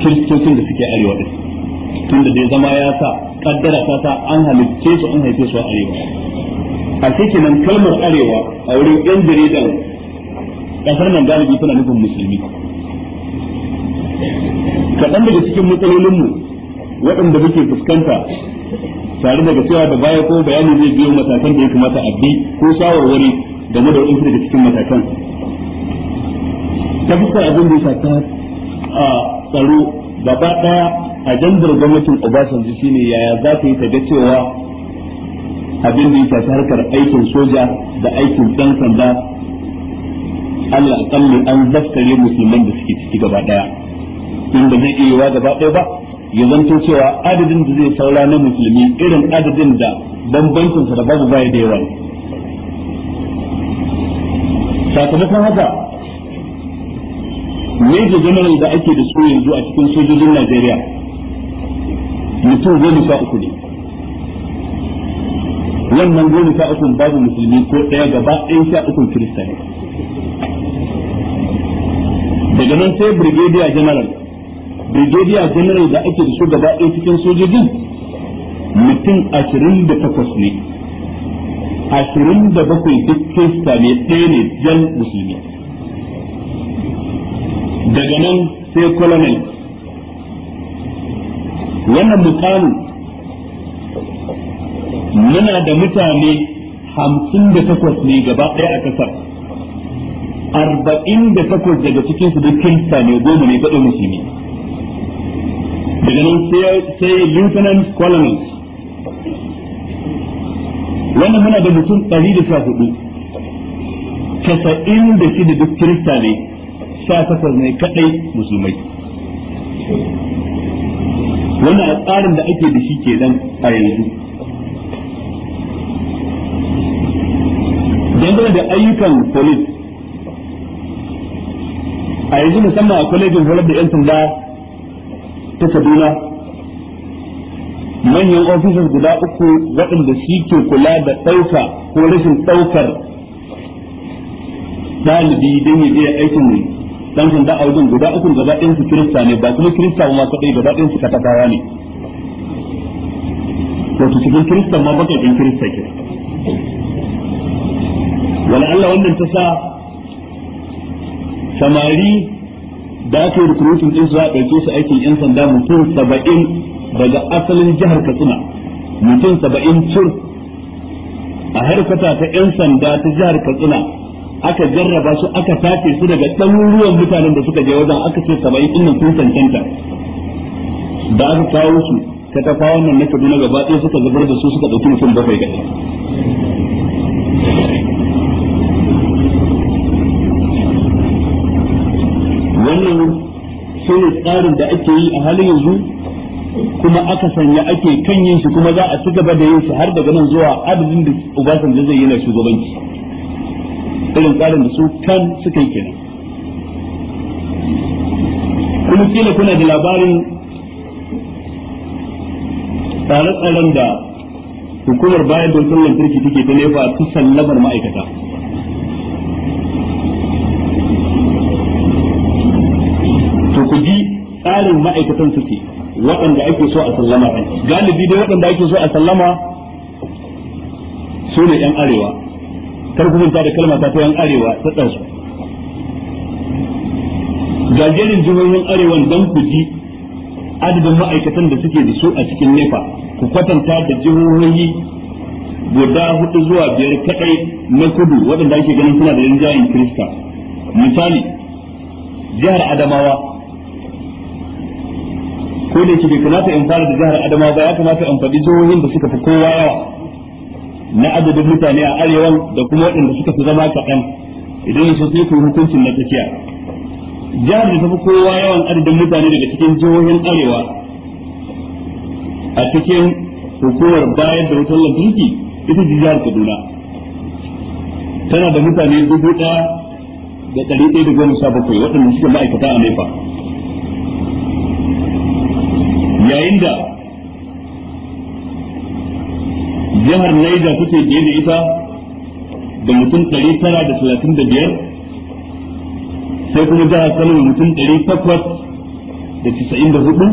kiristocin da suke arewa din tunda dai zama ya sa kaddara ta ta an halicce su an haife su a arewa a cikin nan kalmar arewa a wurin yan jaridan kasar nan galibi tana nufin musulmi kaɗan daga cikin matsalolinmu waɗanda muke fuskanta tare daga cewa da baya ko bayani zai biyo matakan da ya kamata a bi ko shawarwari game da waɗansu daga cikin matakan ta fuskar abin da ya shafi a tsaro gaba ɗaya a jandar gwamnatin obasanjo shine yaya za ta yi ta ga cewa abin da ya shafi harkar aikin soja da aikin ɗan sanda Allah akalli an zaftare musulman da suke ciki gaba ɗaya in da zai iya yiwa gaba ɗaya ba ya zanto cewa adadin da zai saura na musulmi irin adadin da bambancin sa da babu baya da yawa sakamakon haka major general da ake da su yanzu a cikin sojojin Najeriya mutum goma sha uku ne wannan goma sha uku babu musulmi ko ɗaya gaba ɗaya sha uku kirista ne daga nan sai brigadier general brigadier general da ake da su gaba ɗaya cikin sojojin mutum ashirin da takwas ne ashirin da bakwai duk kirista ne ɗaya ne jan musulmi daga nan sai colonel wannan mukamin muna da mutane hamsin da takwas ne gaba ɗaya a ƙasar arba'in da takwas daga cikinsu duk kirista ne goma ne baɗin musulmi ganin sai lieutenant colonel wannan muna da mutum 114 casa'in da shi da duk kirista ne sha takwas ne kadai musulmai wannan a tsarin da ake da shi kenan a yanzu dangane da ayyukan polis a yanzu musamman a kwalejin horar da 'yan sanda ta kaduna manyan ofishin guda uku waɗanda shi ke kula da ɗauka ko rashin ɗaukar ɗalibi don yi je aikin ne dan sanda a wajen guda uku gaba ɗayan su kirista ne ba kuma kirista ma kaɗai gaba ɗayan su katakawa ne wato cikin kirista ma baka ɗin kirista ke wani Allah wannan ta sa samari da aka yi rikurutun din su za a su aikin yan sanda mutum saba'in daga asalin jihar katsina mutum saba'in cur a harkata ta yan sanda ta jihar katsina aka jarraba su aka tace su daga ɗaruruwan mutanen da suka je wajen aka ce saba'in din nan sun cancanta da aka kawo su ka tafawan nan na kaduna gaba ɗaya suka zubar da su suka ɗauki mutum bakwai gaɗa shi ne tsarin da ake yi a halin yanzu kuma aka sanya ake kan yin shi kuma za a ci gaba da yin shi har daga nan zuwa adadin da Obasanjo zai yi na shugabanci irin tsarin da su kan suka yi kenan kuma kila kuna da labarin tsare-tsaren da hukumar bayan dokin lantarki take ta nefa ta sallamar ma'aikata ma'aikatan suke waɗanda ake so a sallama ɗin galibi dai waɗanda ake so a sallama su ne yan arewa kar ku da kalma ta yan arewa ta ɗansu ga jerin jihohin arewan don ku ji adadin ma'aikatan da suke da su a cikin nefa ku kwatanta da jihohi guda hudu zuwa biyar kaɗai na kudu waɗanda ake ganin suna da rinjayen kirista misali jihar adamawa ko da yake bai kamata in fara da jihar adama ba ya kamata in faɗi jihohin da suka fi kowa yawa na adadin mutane a arewan da kuma waɗanda suka fi zama kaɗan idan yaso sai ku hukuncin na tsakiya jihar da tafi kowa yawan adadin mutane daga cikin jihohin arewa a cikin hukumar bayar da wutar lantarki ita ce jihar Kaduna tana da mutane dubu ɗaya da ɗari ɗaya da goma sha bakwai waɗanda suka ma'aikata a nefa yayin da jihar Niger take biye da ita da mutum 935 tara da da biyar sai kuma jihar Kano mutum ɗari takwas da tisa'in da hudu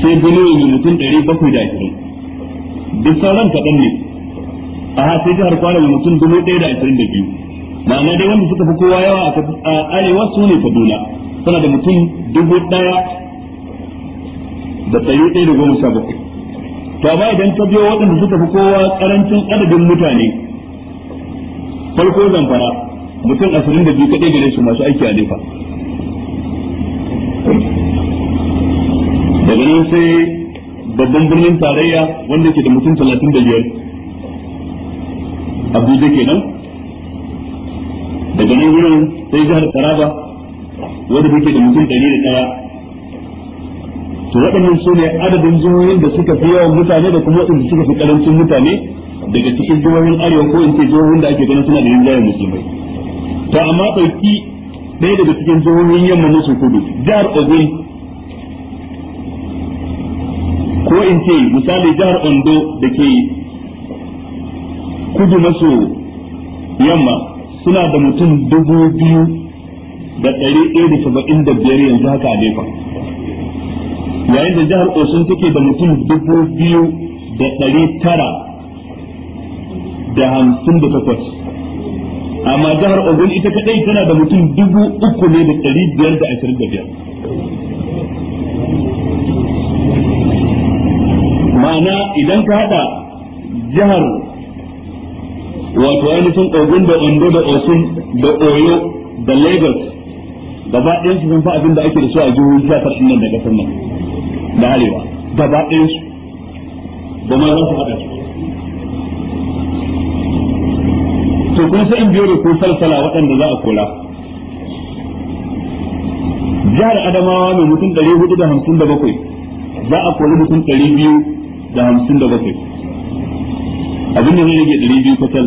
sai Benue da mutum ɗari bakwai da duk sauran kaɗan ne a sai jihar Kwara mutum dubu da da biyu ma'ana dai wanda suka fi kowa yawa a arewa su ne Kaduna suna da mutum dubu ɗaya da ɗari ɗaya da goma sha bakwai to amma idan ka biyo waɗanda suka fi kowa ƙarancin adadin mutane farko zamfara mutum ashirin da biyu kaɗai gare su masu aiki a nefa daga nan sai babban birnin tarayya wanda ke da mutum talatin da biyar abuja kenan daga nan wurin sai jihar taraba wadda take da mutum ɗari da ɗaya to waɗannan su ne adadin jihohin da suka fi yawan mutane da kuma waɗanda suka fi ƙarancin mutane daga cikin jihohin arewa ko in ce jihohin da ake ganin suna da rinjayen musulmai to amma ɗauki ɗaya daga cikin jihohin yamma su kudu jihar ogun ko in ce misali jihar ondo da ke kudu maso yamma suna da mutum dubu biyu da ɗari ɗaya da saba'in da biyar yanzu haka a nefa yayin da jihar osun take da mutum dubu biyu da ɗari tara da hamsin da takwas amma jihar ogun ita kadai tana da mutum dubu uku ne da ɗari biyar da ashirin da biyar ma'ana idan ka haɗa jihar wato ainihin ogun da ondo da osun da oyo da lagos gaba ɗayan su sun fa abin da ake da su a jihohi shafar nan da ƙasar nan da arewa gaba ɗayan su ba ma za su haɗa su to kun sai in biyo da ko salsala waɗanda za a kula? jihar adamawa mai mutum ɗari hudu da hamsin da bakwai za a kori mutum ɗari biyu da hamsin da bakwai abin da zai rage ɗari biyu kwatal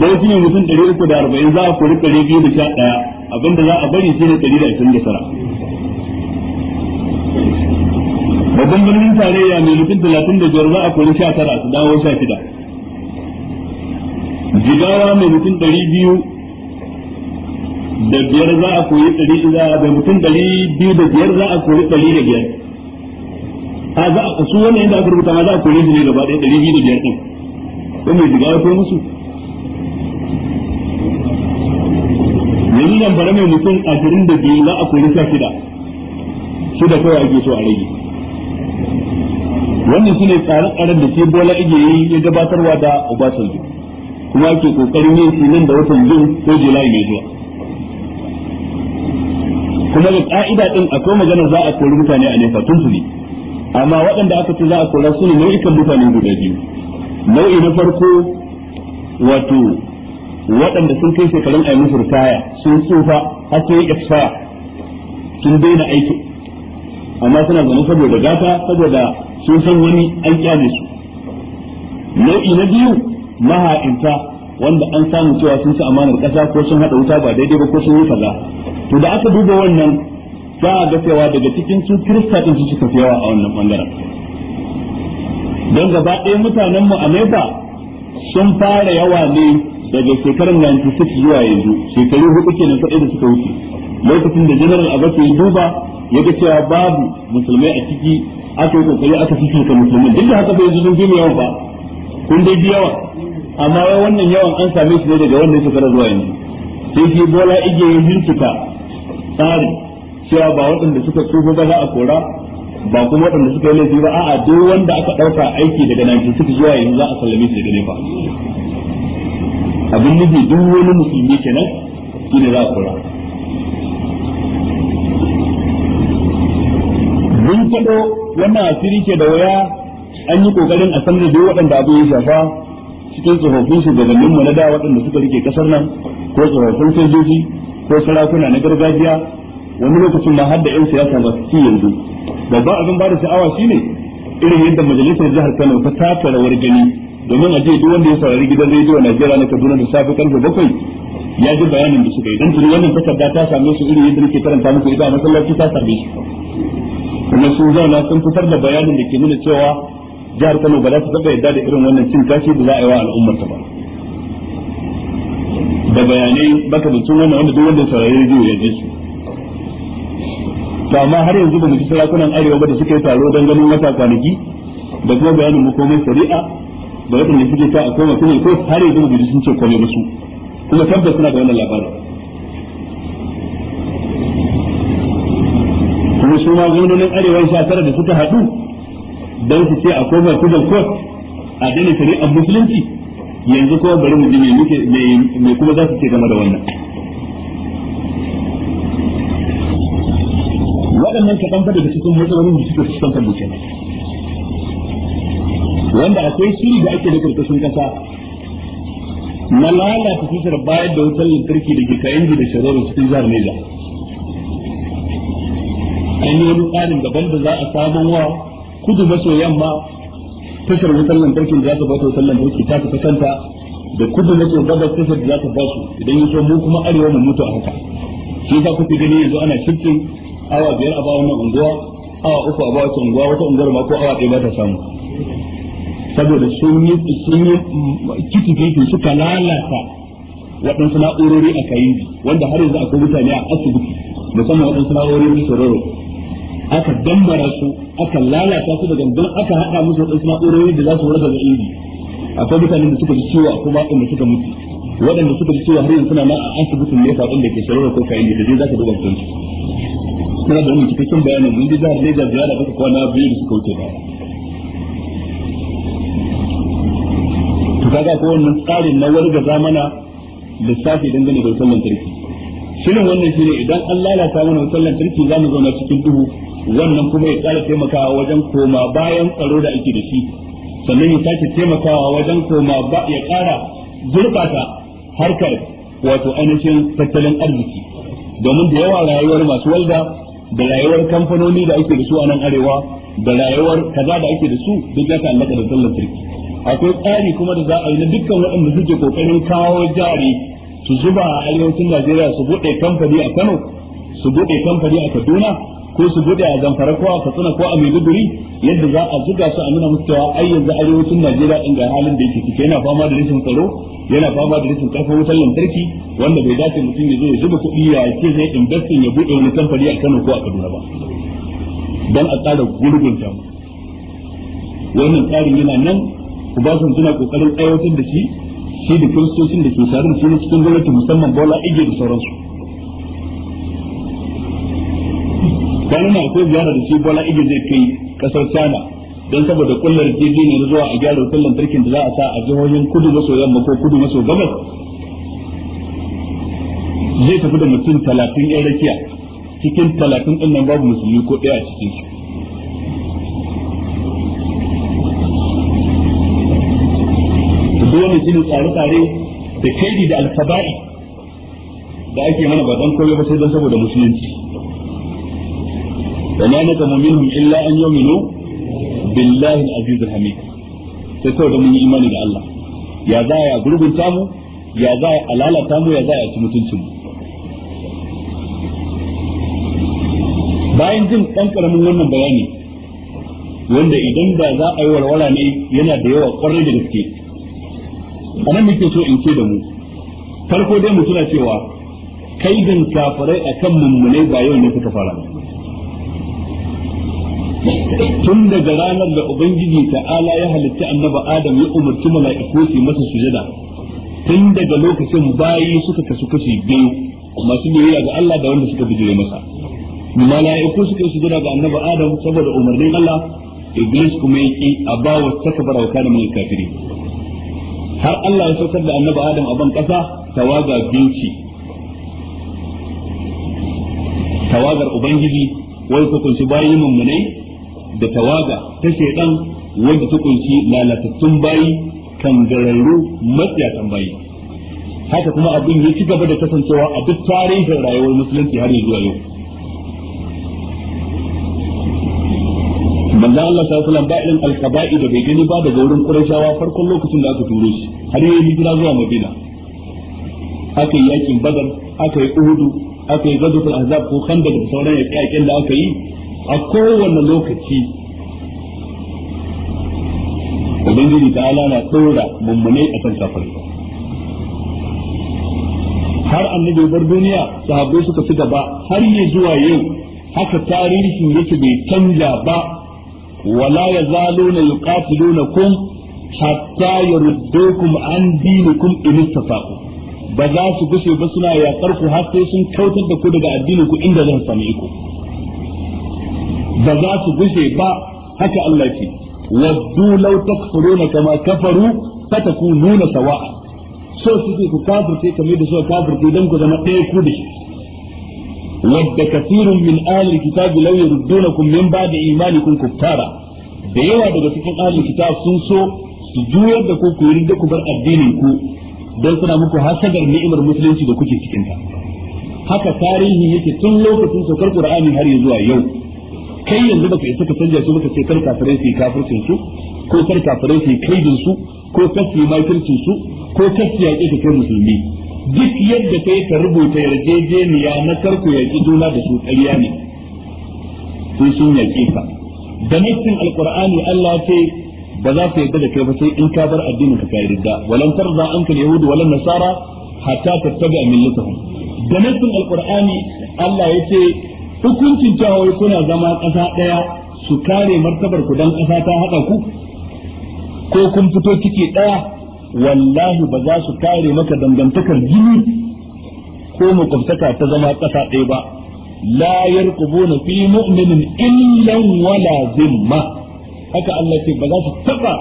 dai ne mutum ɗari uku da arba'in za a kori ɗari biyu da sha ɗaya abin da za a bari ne ɗari da ashirin da tara babban birnin tarayya mai mutum talatin da biyar za a kori sha tara su dawo sha shida jigawa mai mutum ɗari biyu da biyar za a koyi ɗari da mutum ɗari da biyar za a kori ɗari da a za su wannan yadda aka rubuta ma za a kori ne gaba ɗaya ɗari biyu da biyar ɗin ko mai jigawa ko musu yanzu zan bara mai mutum ashirin da biyu za a kori sha shida shida kawai ake so a rage wannan shine tsarin tsarin da ke bola yi ya gabatarwa da Obasanjo kuma ake kokarin yin shi nan da watan Jun ko Julai mai zuwa kuma da ka'ida din akwai magana za a kori mutane a nefa tun su ne amma waɗanda aka ce za a kora su ne nau'ikan mutane guda biyu nau'i na farko wato waɗanda sun kai shekarun ayi musu ritaya sun tsufa har sun yi sun daina aiki amma suna zaune saboda gata saboda sun san wani an kyale su nau'i na biyu maha'inta wanda an samu cewa sun ci amanar kasa ko sun hada wuta ba daidai ba ko sun yi kaza to da aka duba wannan za a ga cewa daga cikin su kirista din su suka fi yawa a wannan bangaren don gaba ɗaya mutanen mu a sun fara yawa ne daga shekarar 96 zuwa yanzu shekaru hudu kenan kaɗai da suka wuce lokacin da general abasu ya duba ya ga cewa babu musulmai a ciki aka yi kokari aka fifita musulmai duk da haka bai yanzu sun fi yawan ba kun dai bi yawan amma yawan wannan yawan an same shi ne daga wannan shekara zuwa yanzu sai shi bola ige ya bincika tsarin cewa ba waɗanda suka tsufa ba za a kora ba kuma waɗanda suka yi laifi ba a'a duk wanda aka ɗauka aiki daga suka zuwa yanzu za a sallame shi daga nefa abin nufi duk wani musulmi kenan shi ne za a kora faɗo wannan asiri ke da waya an yi kokarin a sanar da waɗanda abu ya shafa cikin tsofaffin shugabannin mu na da waɗanda suka rike kasar nan ko tsofaffin sojoji ko sarakuna na gargajiya wani lokacin ma har da yan siyasa ba su ci yanzu babban abin ba da sha'awa shine irin yadda majalisar jihar Kano ta taka rawar gani domin a je duk wanda ya saurari gidan rediyo Najeriya na Kaduna da safe karfe bakwai ya ji bayanin da suka yi dan tuni wannan takarda ta same su irin yadda nake karanta muku ita a masallaci ta same shi kuma sun zauna sun fitar da bayanin da ke nuna cewa jihar Kano ba za ta taba yadda da irin wannan cin kashi da za a yi wa al'ummar ta ba da bayanai baka da wannan wanda duk wanda saurari rediyo ya ji su to amma har yanzu ba mu ji sarakunan arewa ba da suka yi taro don ganin wata kwanaki da kuma bayanin makomai shari'a da waɗanda suke ta a koma kuma ko har yanzu ba mu ji sun ce komai ba su kuma tabbas suna da wannan labarin kuma su ma gwamnonin arewa sha tara da suka haɗu don su ce a koma kudan kot a daina shari'ar musulunci yanzu kuma bari mu ji me kuma za su ce game da wannan waɗannan kaɗan fa daga cikin matsalolin da suka cikin mu kenan wanda akwai shiri da ake da karkashin kasa na lalata tushen bayar da wutar lantarki da gita kayan da shawarar cikin jihar Niger an yi wani tsarin daban da za a sabon wa kudu maso yamma tashar wutar lantarkin za ta ba ta wutar lantarki ta fi kanta da kudu maso gabas tashar da za ta ba su idan yi so mu kuma arewa mu mutu a haka shi yasa kuke gani yanzu ana cikin awa biyar a ba wannan unguwa awa uku a ba wata unguwa wata unguwar ma ko awa ɗaya ba ta samu saboda sun yi sun yi mm, suka lalata waɗansu na'urori a kayi wanda har yanzu akwai mutane a asibiti musamman waɗansu na'urori su roro aka dambara su aka lalata su da gangan aka haɗa musu waɗansu na'urori da za su warkar da iri akwai mutanen da suka ji ciwo kuma inda suka mutu waɗanda suka ji ciwo har yanzu suna nan a asibitin ne faɗin da ke shawarar ko kayan da zai za ka duba su kuma da wani cikakken bayanin mun ji jihar Legas ziyara baka kwana biyu da suka wuce ba to kaga ko wannan tsarin na warga zamana lissafi dangane da wutar lantarki shirin wannan shine idan an lalata mana wasan lantarki za mu zauna cikin duhu wannan kuma ya kara taimakawa wajen koma bayan tsaro da ake da shi sannan ya sake taimakawa wajen koma ba ya kara gurbata harkar wato ainihin tattalin arziki domin da yawa rayuwar masu walda da rayuwar kamfanoni da ake da su a nan arewa da rayuwar kaza da ake da su duk ya ta'allaka da sallar akwai tsari kuma da za a yi na dukkan waɗanda suke kokarin kawo jari su zuba a arewacin Najeriya su buɗe kamfani a Kano su buɗe kamfani a Kaduna ko su gode a zamfara ko a katsina ko a maiduguri yadda za a zuga su a nuna musu cewa ai yanzu arewacin najeriya in ga halin da yake ciki yana fama da rashin tsaro yana fama da rashin karfin wutar lantarki wanda bai dace mutum ya zo ya zuba kuɗi ya ce zai investin ya buɗe wani kamfani a kano ko a kaduna ba don a tsara ta wannan tsarin yana nan ku ba su suna kokarin aiwatar da shi shi da kiristocin da ke sarin shi ne cikin gwamnati musamman bola ige da sauransu kwanan akwai ziyara da shi bola igin zai kai kasar china don saboda kullar na zuwa a gyara wutar lantarkin da za a sa a jihohin kudu maso yamma ko kudu maso gabas zai tafi da mutum talatin yan rakiya cikin talatin din nan babu musulmi ko ɗaya a cikin su dole shi ne tsare-tsare da kaidi da alfaba'i da ake mana ba don komai ba sai don saboda musulunci وما نقم منهم إلا أن يؤمنوا بالله العزيز الحميد sai من da mun yi Allah ya za ya gurgunta mu ya za ya lalata mu ya za bayan jin ɗan ƙaramin wannan bayani wanda idan ba za a yi warwara ne yana da yawa ƙwarai da gaske a nan muke so in ce da mu farko dai mu suna cewa kai bin kafirai a kan mummunai ba yau ne suka fara ba tun daga ranar da ubangiji ta'ala ya halitta annaba adam ya umarci mala'iku su masa sujada tun daga lokacin bayi suka kasu kashi biyu masu biyayya ga Allah da wanda suka bijire masa mala'iku suka yi sujada ga annaba adam saboda umarnin Allah iblis kuma yake a bawa takbara wa da min kafiri har Allah ya saukar da annaba adam a ban kasa tawaga binci tawagar ubangiji wai ta kunshi bayi mummunai da tawaga ta shaidan wanda ta kunshi lalatattun bayi kangararru matsiyatan bayi haka kuma abin ya ci gaba da kasancewa a duk tarihin rayuwar musulunci har zuwa yau manzo Allah ta sallam ba irin alkaba'i da bai gani ba daga wurin Qurayshawa farkon lokacin da aka turo shi har yayin hijira zuwa Madina aka yi yakin Badar aka yi Uhud aka yi Ghazwatul Ahzab ko Khandaq da sauran yaƙe-yaƙen da aka yi a kowane lokaci ubangiji ta ala na tsora mummunai a kan kafar har annabi bar duniya sahabbai suka fi gaba har ya zuwa yau haka tarihin yake bai canja ba wala na kun hatta yaruddukum an dinikum in istata'u ba za su gushe ba suna yaƙar ku har sai sun kautar da ku daga addinin ku inda zan same ku ba za su gushe ba haka Allah ce waddu law takfuruna kama kafaru fatakununa sawa'a so suke ku kafirce kamar da suka kafirce dan ku zama ɗaya ku da wadda kasirun min ahli kitabi law yurdunakum min ba'di imanikum kuffara da yawa daga cikin ahli kitab sun so su juyar da ku ku yarda ku bar addinin ku dan suna muku hasadar ni'imar musulunci da kuke cikin ta haka tarihi yake tun lokacin saukar qur'ani har zuwa yau kai yanzu baka isa ka canja su baka ce kar kafirai su kafircin su ko kar kafirai su kaidin su ko kar su makircin su ko kar su yaƙi kai musulmi duk yadda kai ka rubuta yarjejeniya na karku yaƙi juna da su ƙarya ne sun yaƙe ka da nassin alkur'ani Allah ce ba za su yarda da kai ba sai in ka bar addinin ka ka yarda walan tarza anka Yahudi, walan nasara hatta tattabi'a millatahum da nassin alqur'ani Allah ya ce hukuncin cewa wai kuna zama ƙasa ɗaya su kare martabar ku dan ƙasa ta haɗa ku ko kun fito kike ɗaya wallahi ba za su kare maka dangantakar jini ko makwabtaka ta zama ƙasa ɗaya ba la yarqubuna fi mu'minin illan wala zimma haka Allah ce ba za su taɓa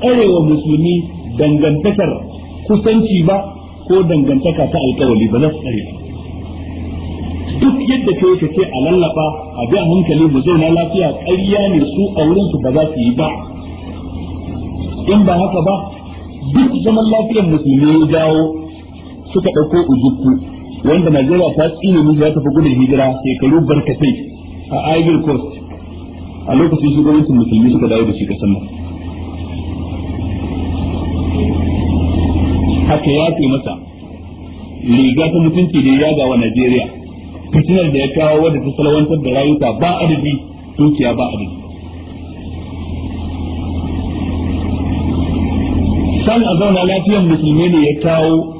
tsarewa musulmi dangantakar kusanci ba ko dangantaka ta alkawali ba za su tsare duk yadda ke ka ce a lallaɓa a bi a hankali mu zauna lafiya ƙarya ne su a wurin ba za su yi ba in ba haka ba duk zaman lafiyar musulmi ya dawo suka ɗauko ujuku wanda Najeriya ta tsine mu za ta fi gudun hijira shekaru barkatai a Ivory Coast a lokacin shugabancin musulmi suka dawo da shi kasan nan haka ya ce masa riga ta mutunci da ya wa Najeriya fitinar da ya kawo wadda ta salawantar da rayuka ba adadi dukiya ba adadi san a zauna lafiyar musulmi ne ya kawo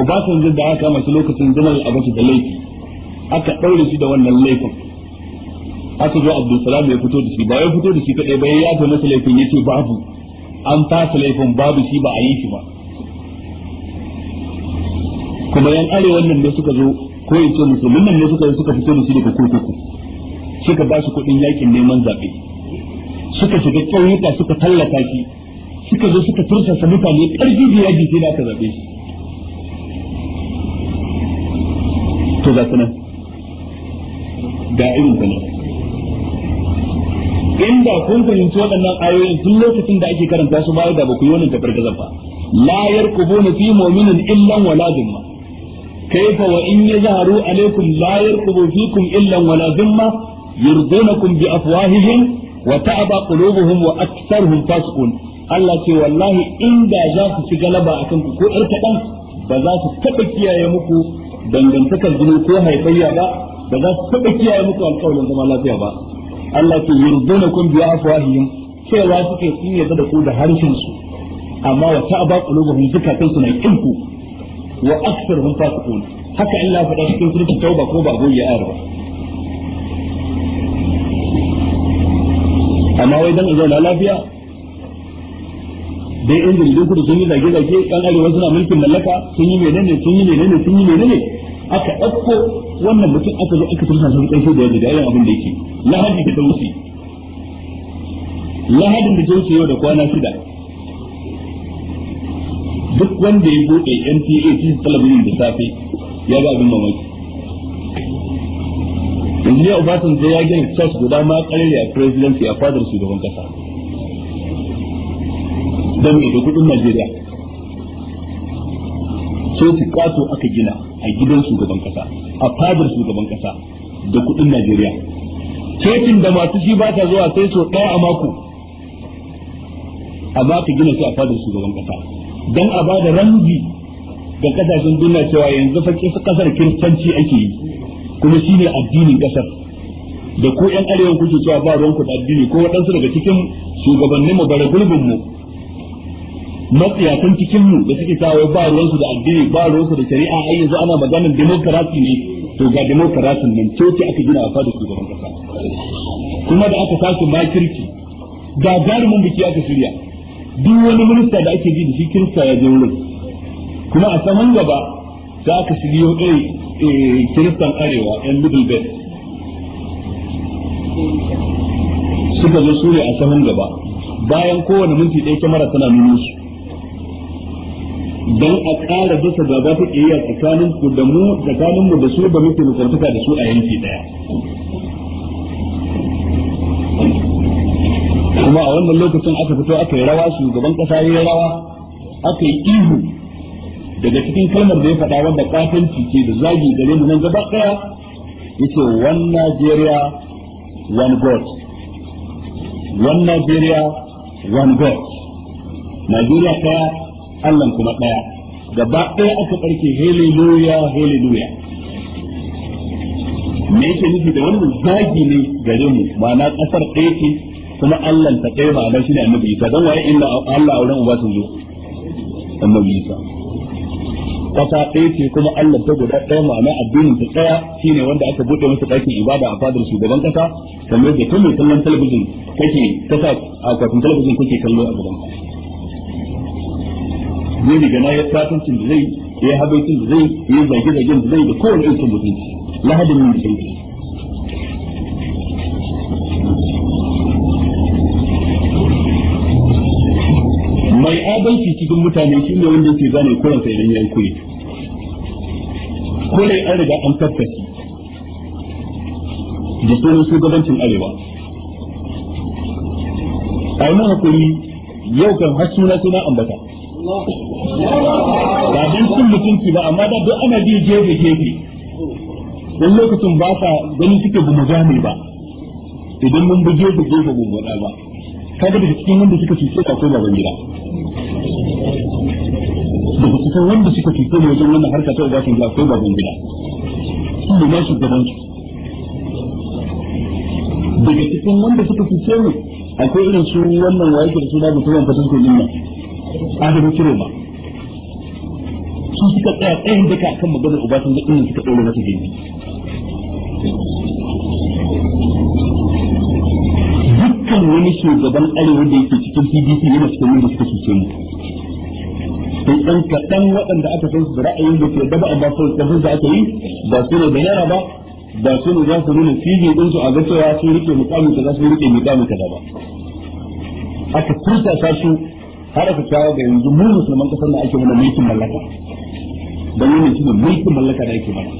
Obasanjo da aka masu lokacin a Abasu da laifi aka ɗaure shi da wannan laifin aka zo Abdulsalam ya fito da shi ba ya fito da shi kaɗai ba ya yafe masa laifin ya ce babu an fasa laifin babu shi ba a yi shi ba kuma yan arewa nan da suka zo ko ya ce musulmin nan ne suka suka fito da shi daga kurkuku suka ba su kuɗin yakin neman zaɓe suka shiga ƙauyuka suka tallata shi suka zo suka tursasa mutane ƙarfi da yaji sai da aka zaɓe shi to ga sanan ga irin in inda kun fahimci waɗannan ayoyin tun lokacin da ake karanta su bayan da ba ku yi wannan tafar gazan ba la yarkubuna fi mu'minin illan wala dhimma kaifa wa in yazharu alaikum illan yarqubu fikum illa wala dhimma yurdunakum bi afwahihim wa ta'aba qulubuhum wa aktsaruhum fasiqun Allah ce wallahi inda za su ci galaba akan ku ko ɗan kaɗan ba za su taɓa kiyaye muku dangantakar jini ko haifayya ba ba za su taɓa kiyaye muku alƙawarin zama lafiya ba Allah ce yurdunakum bi afwahihim cewa suke sun da harshen su amma wa ta'aba wa aktsaruhum fasiqun haka in Allah faɗa cikin suratul tauba ko ba goyi ayar ba amma wai dan zauna lafiya dai in jirgin kudu sun yi zage-zage yan arewa suna mulkin mallaka sun yi menene sun yi menene sun yi menene aka ɗauko wannan mutum aka zo aka tursa sun ƙarfi da yadda da yawan abin da yake lahadi da ta wuce lahadin da ta wuce yau da kwana shida duk wanda ya bude NTA cikin talabijin da safe ya ga abin mamaki yanzu ubatan Obasanjo ya gina church guda ma karere a presidency a fadar shugaban kasa don mai da kudin Najeriya su kato aka gina a gidan shugaban kasa a fadar shugaban kasa da kudin Najeriya cocin da masu shi ba ta zuwa sai so ɗaya a mako amma aka gina shi a fadar shugaban kasa dan a ba da rangi ga kasashen duniya cewa yanzu fa kasar kiristanci ake yi kuma shine addinin kasar da ku yan arewa kuke cewa ba ruwan ku da addini ko waɗansu daga cikin shugabannin mu bare gurbin mu matsiyatan cikin mu da suke kawo ba su da addini ba su da shari'a ai yanzu ana maganar demokarasi ne to ga demokarasin nan coci aka gina a fadar shugaban kasa kuma da aka tashi makirki gagarumin biki aka shirya duk wani minista da ake ji da shi kirista ya je wurin kuma a saman gaba za ka shiryo ɗai eh, eh, kiristan arewa yan middle belt suka zo sure a saman gaba bayan kowane minti ɗaya kyamara tana nuna su don a ƙara dasa gaba ta ƙiyayya tsakanin ku da mu tsakanin mu da su da muke mutuntaka da su a yanki ɗaya kuma a wannan lokacin aka fito aka yi rawa shugaban kasa ya rawa aka yi ihu daga cikin kalmar da ya faɗa wanda katanci ce da zagi gare mu nan gaba ɗaya yace one Nigeria one God one Nigeria one God Nigeria ɗaya Allah kuma ɗaya gaba ɗaya aka ɓarke hallelujah hallelujah me yake nufi da wannan zagi ne gare mu ma'ana ƙasar ɗaya ce kuma Allah ta kai ba dan shine annabi Isa dan waye inna Allah auren uba sun zo annabi Isa kasa ɗaya ce kuma Allah ta guda ɗaya ma'ana addinin ta ɗaya shine wanda aka buɗe masa ɗakin ibada a fadar shugaban kasa kamar da kuma kallon talabijin kake kasa a kafin talabijin kake kallo a gaban zai riga na ya tatancin da zai ya habaitin da zai ya zage-zagen da zai da kowane irin mutunci lahadin mutunci bambanci cikin mutane shi ne wanda yake gane kuransa idan ya yi kure an riga an tattaci da sunan shugabancin arewa a yi hakuri yau kan har suna suna ambata ba don sun mutunci ba amma da duk ana bi gefe gefe wani lokacin ba sa gani suke ba gane ba idan mun bi gefe gefe mu ba kaga daga cikin wanda suka cuce ka ko baban gida cikin wanda suka tuke ne wajen wannan harka ta ubashin gida akwai babban gida su ne masu gaban su daga cikin wanda suka tuke ne akwai irin su wannan waye da suna mutumin fatan ko a da kiro ba su suka tsaya tsayin daka kan maganar ubashin gida din suka dole masa gidi dukkan wani shugaban arewa da yake cikin pdp yana cikin wanda suka tuke ne sai ɗan kaɗan waɗanda aka san su ra'ayin da ke daba amma sai da aka yi ba su ne da yara ba ba su ne za su nuna fiji su a ga cewa sun rike mukamin kaza sun rike mukamin kaza ba aka kusa ta su har aka kawo ga yanzu mu musulman kasar da ake mana mulkin mallaka don wannan shine mulkin mallaka da ake mana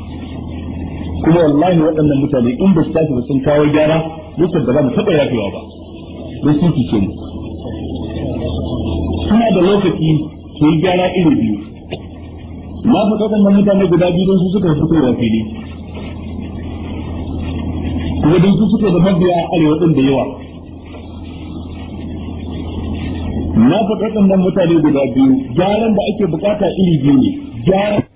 kuma wallahi waɗannan mutane in ba su tashi ba sun kawo gyara mutum ba za mu taɓa yafewa ba don sun fice mu suna da lokaci sai gyara iri biyu na fi da mutane guda biyu don su suka yi fito wa fili kuma don su suka da mabiya a arewa din da yawa na fi da mutane guda biyu gyaran da ake bukata iri biyu ne gyaran